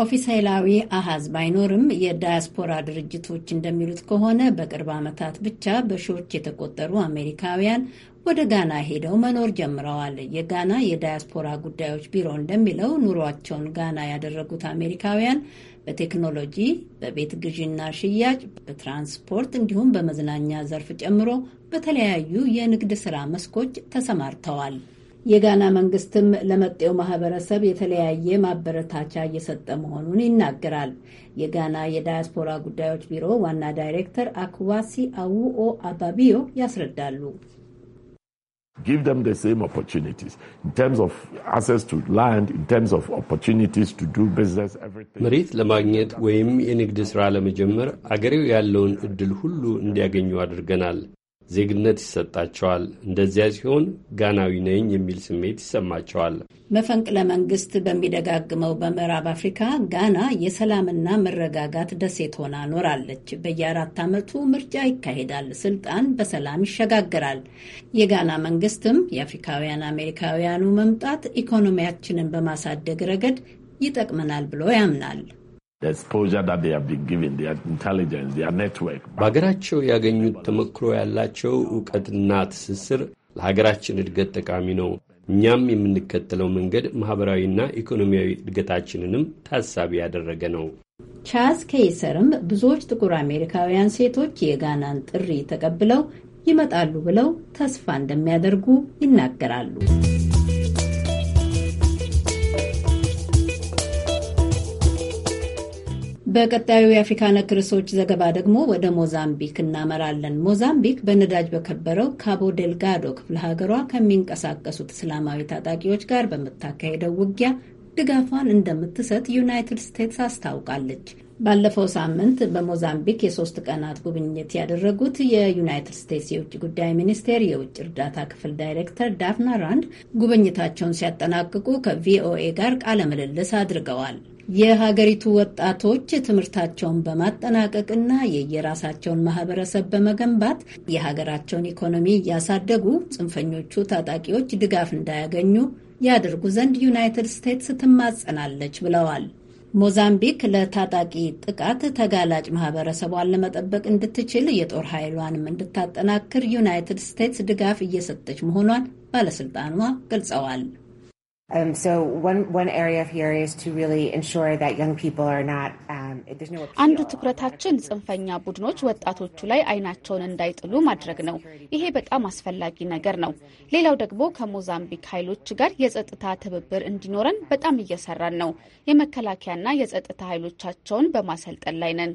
ኦፊሴላዊ አሃዝ ባይኖርም የዳያስፖራ ድርጅቶች እንደሚሉት ከሆነ በቅርብ ዓመታት ብቻ በሺዎች የተቆጠሩ አሜሪካውያን ወደ ጋና ሄደው መኖር ጀምረዋል። የጋና የዳያስፖራ ጉዳዮች ቢሮ እንደሚለው ኑሯቸውን ጋና ያደረጉት አሜሪካውያን በቴክኖሎጂ፣ በቤት ግዢና ሽያጭ፣ በትራንስፖርት እንዲሁም በመዝናኛ ዘርፍ ጨምሮ በተለያዩ የንግድ ስራ መስኮች ተሰማርተዋል። የጋና መንግስትም ለመጤው ማህበረሰብ የተለያየ ማበረታቻ እየሰጠ መሆኑን ይናገራል። የጋና የዳያስፖራ ጉዳዮች ቢሮ ዋና ዳይሬክተር አክዋሲ አውኦ አባቢዮ ያስረዳሉ። give them the same opportunities in terms of access to land, in terms of opportunities to do business, everything. መሬት ለማግኘት ወይም የንግድ ሥራ ለመጀመር አገሬው ያለውን ዕድል ሁሉ እንዲያገኙ አድርገናል። ዜግነት ይሰጣቸዋል። እንደዚያ ሲሆን ጋናዊ ነኝ የሚል ስሜት ይሰማቸዋል። መፈንቅለ መንግስት በሚደጋግመው በምዕራብ አፍሪካ ጋና የሰላምና መረጋጋት ደሴት ሆና ኖራለች። በየአራት ዓመቱ ምርጫ ይካሄዳል፣ ስልጣን በሰላም ይሸጋገራል። የጋና መንግስትም የአፍሪካውያን አሜሪካውያኑ መምጣት ኢኮኖሚያችንን በማሳደግ ረገድ ይጠቅመናል ብሎ ያምናል። በሀገራቸው ያገኙት ተሞክሮ ያላቸው እውቀትና ትስስር ለሀገራችን እድገት ጠቃሚ ነው። እኛም የምንከተለው መንገድ ማኅበራዊና ኢኮኖሚያዊ እድገታችንንም ታሳቢ ያደረገ ነው። ቻዝ ኬይሰርም ብዙዎች ጥቁር አሜሪካውያን ሴቶች የጋናን ጥሪ ተቀብለው ይመጣሉ ብለው ተስፋ እንደሚያደርጉ ይናገራሉ። በቀጣዩ የአፍሪካ ነክ ርዕሶች ዘገባ ደግሞ ወደ ሞዛምቢክ እናመራለን። ሞዛምቢክ በነዳጅ በከበረው ካቦ ዴልጋዶ ክፍለ ሀገሯ ከሚንቀሳቀሱት እስላማዊ ታጣቂዎች ጋር በምታካሄደው ውጊያ ድጋፏን እንደምትሰጥ ዩናይትድ ስቴትስ አስታውቃለች። ባለፈው ሳምንት በሞዛምቢክ የሶስት ቀናት ጉብኝት ያደረጉት የዩናይትድ ስቴትስ የውጭ ጉዳይ ሚኒስቴር የውጭ እርዳታ ክፍል ዳይሬክተር ዳፍና ራንድ ጉብኝታቸውን ሲያጠናቅቁ ከቪኦኤ ጋር ቃለ ምልልስ አድርገዋል። የሀገሪቱ ወጣቶች ትምህርታቸውን በማጠናቀቅና የየራሳቸውን ማህበረሰብ በመገንባት የሀገራቸውን ኢኮኖሚ እያሳደጉ ጽንፈኞቹ ታጣቂዎች ድጋፍ እንዳያገኙ ያደርጉ ዘንድ ዩናይትድ ስቴትስ ትማጸናለች ብለዋል። ሞዛምቢክ ለታጣቂ ጥቃት ተጋላጭ ማህበረሰቧን ለመጠበቅ እንድትችል የጦር ኃይሏንም እንድታጠናክር ዩናይትድ ስቴትስ ድጋፍ እየሰጠች መሆኗን ባለስልጣኗ ገልጸዋል። Um, um, አንዱ ትኩረታችን ጽንፈኛ ቡድኖች ወጣቶቹ ላይ አይናቸውን እንዳይጥሉ ማድረግ ነው። ይሄ በጣም አስፈላጊ ነገር ነው። ሌላው ደግሞ ከሞዛምቢክ ኃይሎች ጋር የጸጥታ ትብብር እንዲኖረን በጣም እየሰራን ነው። የመከላከያና የጸጥታ ኃይሎቻቸውን በማሰልጠን ላይ ነን።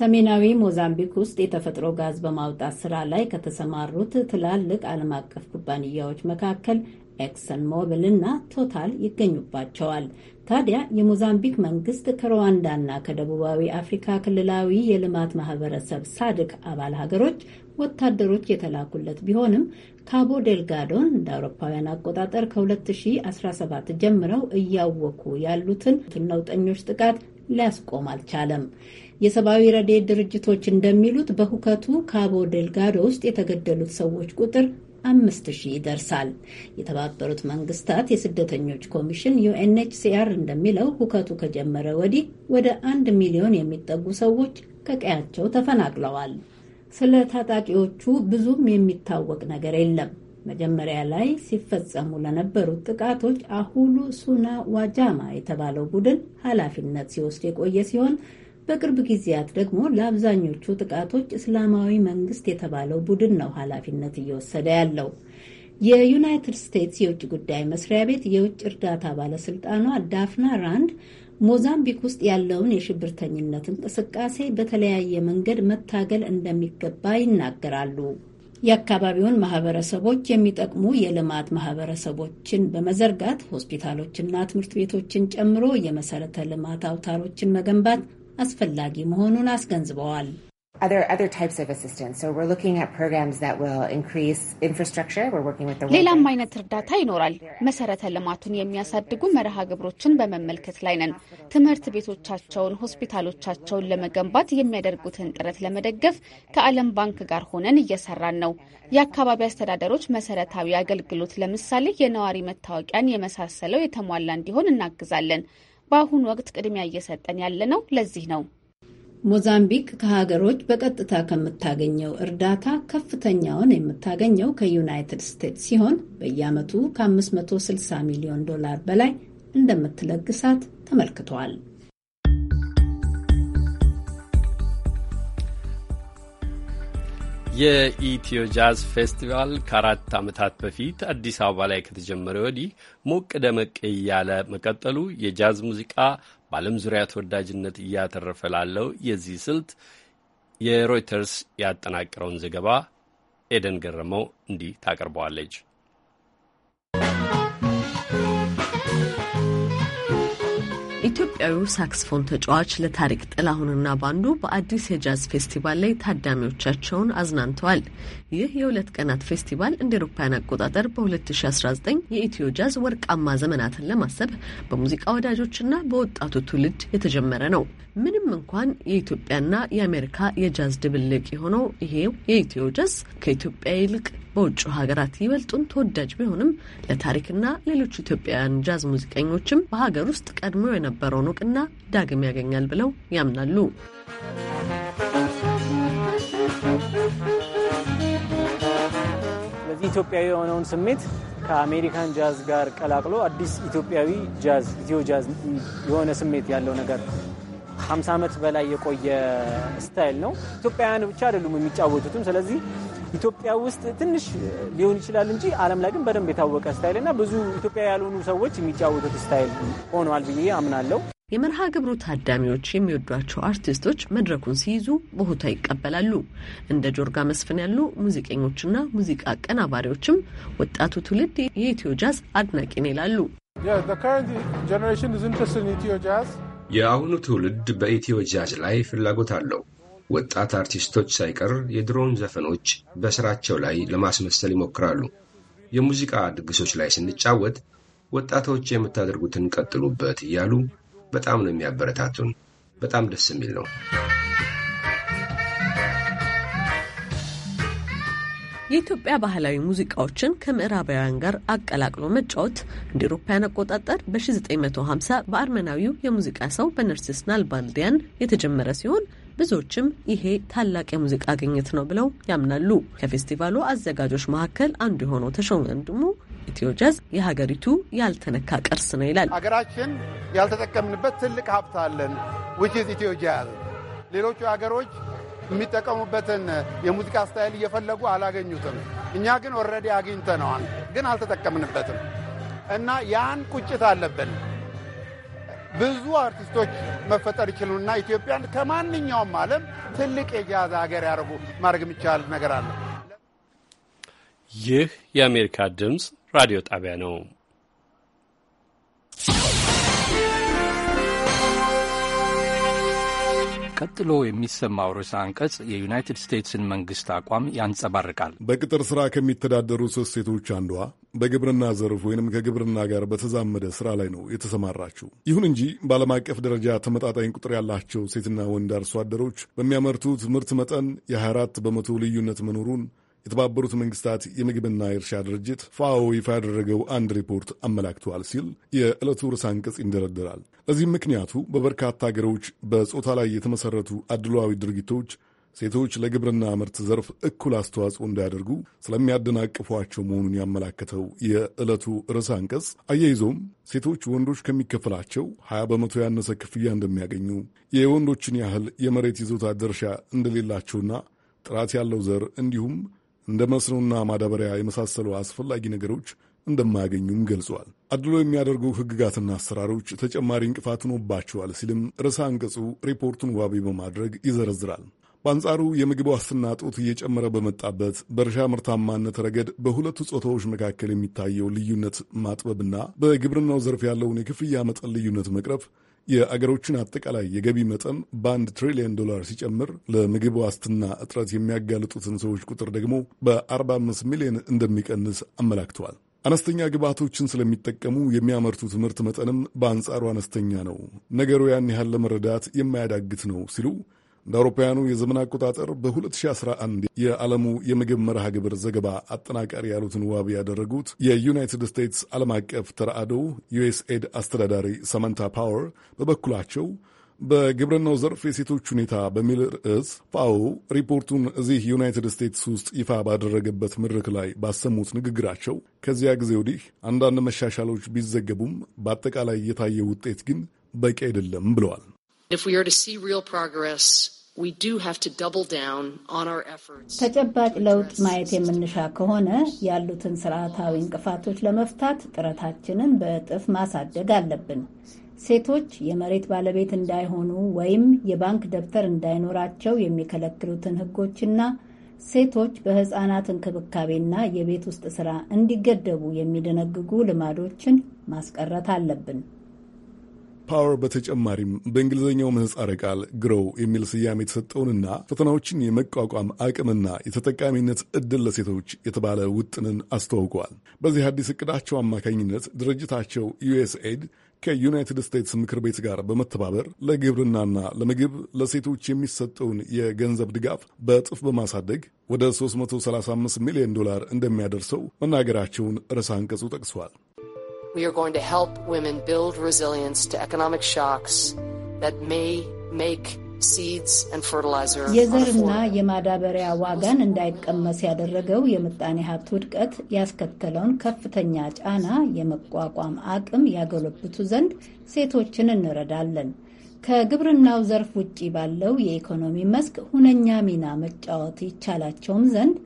ሰሜናዊ ሞዛምቢክ ውስጥ የተፈጥሮ ጋዝ በማውጣት ስራ ላይ ከተሰማሩት ትላልቅ ዓለም አቀፍ ኩባንያዎች መካከል ኤክሰን ሞቢል እና ቶታል ይገኙባቸዋል። ታዲያ የሞዛምቢክ መንግስት ከሩዋንዳና ከደቡባዊ አፍሪካ ክልላዊ የልማት ማህበረሰብ ሳድክ አባል ሀገሮች ወታደሮች የተላኩለት ቢሆንም ካቦ ዴልጋዶን እንደ አውሮፓውያን አቆጣጠር ከ2017 ጀምረው እያወኩ ያሉትን ነውጠኞች ጥቃት ሊያስቆም አልቻለም። የሰብአዊ ረድኤት ድርጅቶች እንደሚሉት በሁከቱ ካቦ ዴልጋዶ ውስጥ የተገደሉት ሰዎች ቁጥር አምስት ሺህ ይደርሳል። የተባበሩት መንግስታት የስደተኞች ኮሚሽን ዩኤንኤችሲአር እንደሚለው ሁከቱ ከጀመረ ወዲህ ወደ አንድ ሚሊዮን የሚጠጉ ሰዎች ከቀያቸው ተፈናቅለዋል። ስለ ታጣቂዎቹ ብዙም የሚታወቅ ነገር የለም። መጀመሪያ ላይ ሲፈጸሙ ለነበሩት ጥቃቶች አሁሉ ሱና ዋጃማ የተባለው ቡድን ኃላፊነት ሲወስድ የቆየ ሲሆን በቅርብ ጊዜያት ደግሞ ለአብዛኞቹ ጥቃቶች እስላማዊ መንግስት የተባለው ቡድን ነው ኃላፊነት እየወሰደ ያለው። የዩናይትድ ስቴትስ የውጭ ጉዳይ መስሪያ ቤት የውጭ እርዳታ ባለስልጣኗ ዳፍና ራንድ ሞዛምቢክ ውስጥ ያለውን የሽብርተኝነት እንቅስቃሴ በተለያየ መንገድ መታገል እንደሚገባ ይናገራሉ። የአካባቢውን ማህበረሰቦች የሚጠቅሙ የልማት ማህበረሰቦችን በመዘርጋት ሆስፒታሎችና ትምህርት ቤቶችን ጨምሮ የመሰረተ ልማት አውታሮችን መገንባት አስፈላጊ መሆኑን አስገንዝበዋል። ሌላም አይነት እርዳታ ይኖራል። መሰረተ ልማቱን የሚያሳድጉ መርሃ ግብሮችን በመመልከት ላይ ነን። ትምህርት ቤቶቻቸውን፣ ሆስፒታሎቻቸውን ለመገንባት የሚያደርጉትን ጥረት ለመደገፍ ከዓለም ባንክ ጋር ሆነን እየሰራን ነው። የአካባቢ አስተዳደሮች መሰረታዊ አገልግሎት ለምሳሌ የነዋሪ መታወቂያን የመሳሰለው የተሟላ እንዲሆን እናግዛለን። በአሁኑ ወቅት ቅድሚያ እየሰጠን ያለነው ለዚህ ነው። ሞዛምቢክ ከሀገሮች በቀጥታ ከምታገኘው እርዳታ ከፍተኛውን የምታገኘው ከዩናይትድ ስቴትስ ሲሆን በየዓመቱ ከ560 ሚሊዮን ዶላር በላይ እንደምትለግሳት ተመልክቷል። የኢትዮ ጃዝ ፌስቲቫል ከአራት ዓመታት በፊት አዲስ አበባ ላይ ከተጀመረ ወዲህ ሞቅ ደመቅ እያለ መቀጠሉ የጃዝ ሙዚቃ በዓለም ዙሪያ ተወዳጅነት እያተረፈ ላለው የዚህ ስልት የሮይተርስ ያጠናቀረውን ዘገባ ኤደን ገረመው እንዲህ ታቀርበዋለች። ኢትዮጵያዊው ሳክስፎን ተጫዋች ለታሪክ ጥላሁንና ባንዱ በአዲስ የጃዝ ፌስቲቫል ላይ ታዳሚዎቻቸውን አዝናንተዋል። ይህ የሁለት ቀናት ፌስቲቫል እንደ ኤሮፓያን አቆጣጠር በ2019 የኢትዮ ጃዝ ወርቃማ ዘመናትን ለማሰብ በሙዚቃ ወዳጆችና በወጣቱ ትውልድ የተጀመረ ነው። ምንም እንኳን የኢትዮጵያና የአሜሪካ የጃዝ ድብልቅ የሆነው ይሄው የኢትዮ ጃዝ ከኢትዮጵያ ይልቅ በውጭ ሀገራት ይበልጡን ተወዳጅ ቢሆንም ለታሪክና ሌሎች ኢትዮጵያውያን ጃዝ ሙዚቀኞችም በሀገር ውስጥ ቀድሞ የነበ የነበረውን እውቅና ዳግም ያገኛል ብለው ያምናሉ። ስለዚህ ኢትዮጵያዊ የሆነውን ስሜት ከአሜሪካን ጃዝ ጋር ቀላቅሎ አዲስ ኢትዮጵያዊ ጃዝ ኢትዮ ጃዝ የሆነ ስሜት ያለው ነገር ከ50 ዓመት በላይ የቆየ ስታይል ነው። ኢትዮጵያውያን ብቻ አይደሉም የሚጫወቱትም። ስለዚህ ኢትዮጵያ ውስጥ ትንሽ ሊሆን ይችላል እንጂ ዓለም ላይ ግን በደንብ የታወቀ ስታይል እና ብዙ ኢትዮጵያ ያልሆኑ ሰዎች የሚጫወቱት ስታይል ሆኗል ብዬ አምናለሁ። የመርሃ ግብሩ ታዳሚዎች የሚወዷቸው አርቲስቶች መድረኩን ሲይዙ በሆታ ይቀበላሉ። እንደ ጆርጋ መስፍን ያሉ ሙዚቀኞችና ሙዚቃ አቀናባሪዎችም ወጣቱ ትውልድ የኢትዮ ጃዝ አድናቂ ነው ይላሉ። የአሁኑ ትውልድ በኢትዮ ጃዝ ላይ ፍላጎት አለው። ወጣት አርቲስቶች ሳይቀር የድሮን ዘፈኖች በሥራቸው ላይ ለማስመሰል ይሞክራሉ። የሙዚቃ ድግሶች ላይ ስንጫወት ወጣቶች የምታደርጉትን ቀጥሉበት እያሉ በጣም ነው የሚያበረታቱን። በጣም ደስ የሚል ነው። የኢትዮጵያ ባህላዊ ሙዚቃዎችን ከምዕራባውያን ጋር አቀላቅሎ መጫወት እንደ አውሮፓውያን አቆጣጠር በ1950 በአርመናዊው የሙዚቃ ሰው በነርሲስ ናልባንዲያን የተጀመረ ሲሆን ብዙዎችም ይሄ ታላቅ የሙዚቃ ግኝት ነው ብለው ያምናሉ። ከፌስቲቫሉ አዘጋጆች መካከል አንዱ የሆነው ተሾመ ወንድሙ ኢትዮ ጃዝ የሀገሪቱ ያልተነካ ቅርስ ነው ይላል። ሀገራችን ያልተጠቀምንበት ትልቅ ሀብት አለን፣ ውችዝ ኢትዮ ጃዝ ሌሎቹ ሀገሮች የሚጠቀሙበትን የሙዚቃ ስታይል እየፈለጉ አላገኙትም። እኛ ግን ኦልሬዲ አግኝተነዋል፣ ግን አልተጠቀምንበትም እና ያን ቁጭት አለብን። ብዙ አርቲስቶች መፈጠር ይችሉና ኢትዮጵያን ከማንኛውም ዓለም ትልቅ የጃዝ ሀገር ያደርጉ ማድረግ የሚቻል ነገር አለ። ይህ የአሜሪካ ድምፅ ራዲዮ ጣቢያ ነው። ቀጥሎ የሚሰማው ርዕሰ አንቀጽ የዩናይትድ ስቴትስን መንግሥት አቋም ያንጸባርቃል። በቅጥር ከሚተዳደሩ ሶስት ሴቶች አንዷ በግብርና ዘርፍ ወይንም ከግብርና ጋር በተዛመደ ስራ ላይ ነው የተሰማራችው። ይሁን እንጂ በዓለም አቀፍ ደረጃ ተመጣጣኝ ቁጥር ያላቸው ሴትና ወንድ አርሶ አደሮች በሚያመርቱት ምርት መጠን የ24 በመቶ ልዩነት መኖሩን የተባበሩት መንግስታት የምግብና የእርሻ ድርጅት ፋኦ ይፋ ያደረገው አንድ ሪፖርት አመላክተዋል ሲል የዕለቱ ርዕሰ አንቀጽ ይንደረደራል። ለዚህም ምክንያቱ በበርካታ ሀገሮች በጾታ ላይ የተመሠረቱ አድሏዊ ድርጊቶች ሴቶች ለግብርና ምርት ዘርፍ እኩል አስተዋጽኦ እንዳያደርጉ ስለሚያደናቅፏቸው መሆኑን ያመላከተው የዕለቱ ርዕሰ አንቀጽ አያይዞም ሴቶች ወንዶች ከሚከፈላቸው 20 በመቶ ያነሰ ክፍያ እንደሚያገኙ የወንዶችን ያህል የመሬት ይዞታ ድርሻ እንደሌላቸውና ጥራት ያለው ዘር እንዲሁም እንደ መስኖና ማዳበሪያ የመሳሰሉ አስፈላጊ ነገሮች እንደማያገኙም ገልጸዋል። አድሎ የሚያደርጉ ሕግጋትና አሰራሮች ተጨማሪ እንቅፋት ሆኖባቸዋል ሲልም ርዕሰ አንቀጹ ሪፖርቱን ዋቢ በማድረግ ይዘረዝራል። በአንጻሩ የምግብ ዋስትና እጦት እየጨመረ በመጣበት በእርሻ ምርታማነት ረገድ በሁለቱ ጾታዎች መካከል የሚታየው ልዩነት ማጥበብና በግብርናው ዘርፍ ያለውን የክፍያ መጠን ልዩነት መቅረፍ የአገሮችን አጠቃላይ የገቢ መጠን በአንድ ትሪሊየን ዶላር ሲጨምር ለምግብ ዋስትና እጥረት የሚያጋልጡትን ሰዎች ቁጥር ደግሞ በ45 ሚሊዮን እንደሚቀንስ አመላክተዋል። አነስተኛ ግብዓቶችን ስለሚጠቀሙ የሚያመርቱት ምርት መጠንም በአንጻሩ አነስተኛ ነው። ነገሩ ያን ያህል ለመረዳት የማያዳግት ነው ሲሉ እንደ አውሮፓውያኑ የዘመን አቆጣጠር በ2011 የዓለሙ የምግብ መርሃ ግብር ዘገባ አጠናቃሪ ያሉትን ዋቢ ያደረጉት የዩናይትድ ስቴትስ ዓለም አቀፍ ተራድኦ ዩኤስኤድ አስተዳዳሪ ሰመንታ ፓወር በበኩላቸው በግብርናው ዘርፍ የሴቶች ሁኔታ በሚል ርዕስ ፋኦ ሪፖርቱን እዚህ ዩናይትድ ስቴትስ ውስጥ ይፋ ባደረገበት መድረክ ላይ ባሰሙት ንግግራቸው ከዚያ ጊዜ ወዲህ አንዳንድ መሻሻሎች ቢዘገቡም በአጠቃላይ የታየ ውጤት ግን በቂ አይደለም ብለዋል። ተጨባጭ ለውጥ ማየት የምንሻ ከሆነ ያሉትን ስርዓታዊ እንቅፋቶች ለመፍታት ጥረታችንን በእጥፍ ማሳደግ አለብን። ሴቶች የመሬት ባለቤት እንዳይሆኑ ወይም የባንክ ደብተር እንዳይኖራቸው የሚከለክሉትን ህጎችና ሴቶች በህፃናት እንክብካቤና የቤት ውስጥ ስራ እንዲገደቡ የሚደነግጉ ልማዶችን ማስቀረት አለብን። ፓወር በተጨማሪም በእንግሊዝኛው ምህጻረ ቃል ግሮው የሚል ስያሜ የተሰጠውንና ፈተናዎችን የመቋቋም አቅምና የተጠቃሚነት እድል ለሴቶች የተባለ ውጥንን አስተዋውቀዋል። በዚህ አዲስ እቅዳቸው አማካኝነት ድርጅታቸው ዩኤስኤድ ከዩናይትድ ስቴትስ ምክር ቤት ጋር በመተባበር ለግብርናና ለምግብ ለሴቶች የሚሰጠውን የገንዘብ ድጋፍ በእጥፍ በማሳደግ ወደ 335 ሚሊዮን ዶላር እንደሚያደርሰው መናገራቸውን ርዕሰ አንቀጹ ጠቅሷል። we are going to help women build resilience to economic shocks that may make seeds and fertilizer የዘርና የማዳበሪያ ከግብርናው ዘርፍ ውጪ ባለው የኢኮኖሚ መስክ ሁነኛ ሚና መጫወት ይቻላቸውም ዘንድ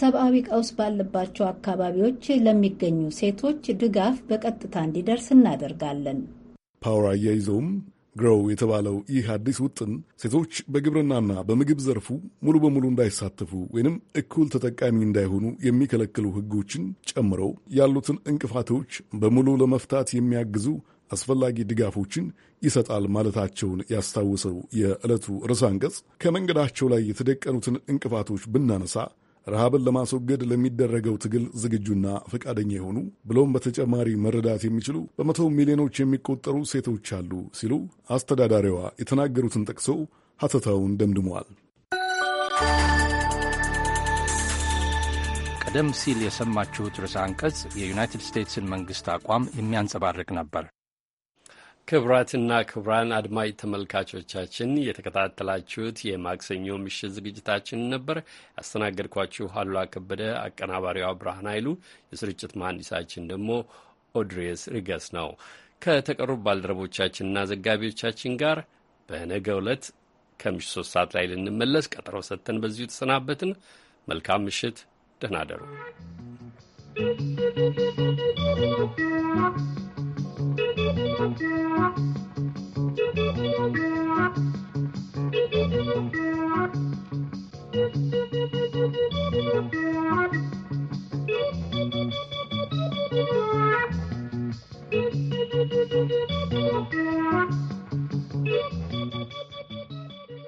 ሰብአዊ ቀውስ ባለባቸው አካባቢዎች ለሚገኙ ሴቶች ድጋፍ በቀጥታ እንዲደርስ እናደርጋለን። ፓወር አያይዘውም ግሮው የተባለው ይህ አዲስ ውጥን ሴቶች በግብርናና በምግብ ዘርፉ ሙሉ በሙሉ እንዳይሳተፉ ወይንም እኩል ተጠቃሚ እንዳይሆኑ የሚከለክሉ ሕጎችን ጨምሮ ያሉትን እንቅፋቶች በሙሉ ለመፍታት የሚያግዙ አስፈላጊ ድጋፎችን ይሰጣል ማለታቸውን ያስታውሰው የዕለቱ ርዕሰ አንቀጽ ከመንገዳቸው ላይ የተደቀኑትን እንቅፋቶች ብናነሳ ረሃብን ለማስወገድ ለሚደረገው ትግል ዝግጁና ፈቃደኛ የሆኑ ብሎም በተጨማሪ መረዳት የሚችሉ በመቶ ሚሊዮኖች የሚቆጠሩ ሴቶች አሉ ሲሉ አስተዳዳሪዋ የተናገሩትን ጠቅሰው ሀተታውን ደምድመዋል። ቀደም ሲል የሰማችሁት ርዕሰ አንቀጽ የዩናይትድ ስቴትስን መንግሥት አቋም የሚያንጸባርቅ ነበር። ክብራትና ክብራን አድማጭ ተመልካቾቻችን የተከታተላችሁት የማክሰኞ ምሽት ዝግጅታችን ነበር። ያስተናገድኳችሁ አሉላ ከበደ፣ አቀናባሪዋ ብርሃን ኃይሉ፣ የስርጭት መሐንዲሳችን ደግሞ ኦድሬስ ሪገስ ነው። ከተቀሩ ባልደረቦቻችንና ዘጋቢዎቻችን ጋር በነገ ዕለት ከምሽት ሶስት ሰዓት ላይ ልንመለስ ቀጠሮ ሰጥተን በዚሁ ተሰናበትን። መልካም ምሽት፣ ደህና ደሩ። Thank you.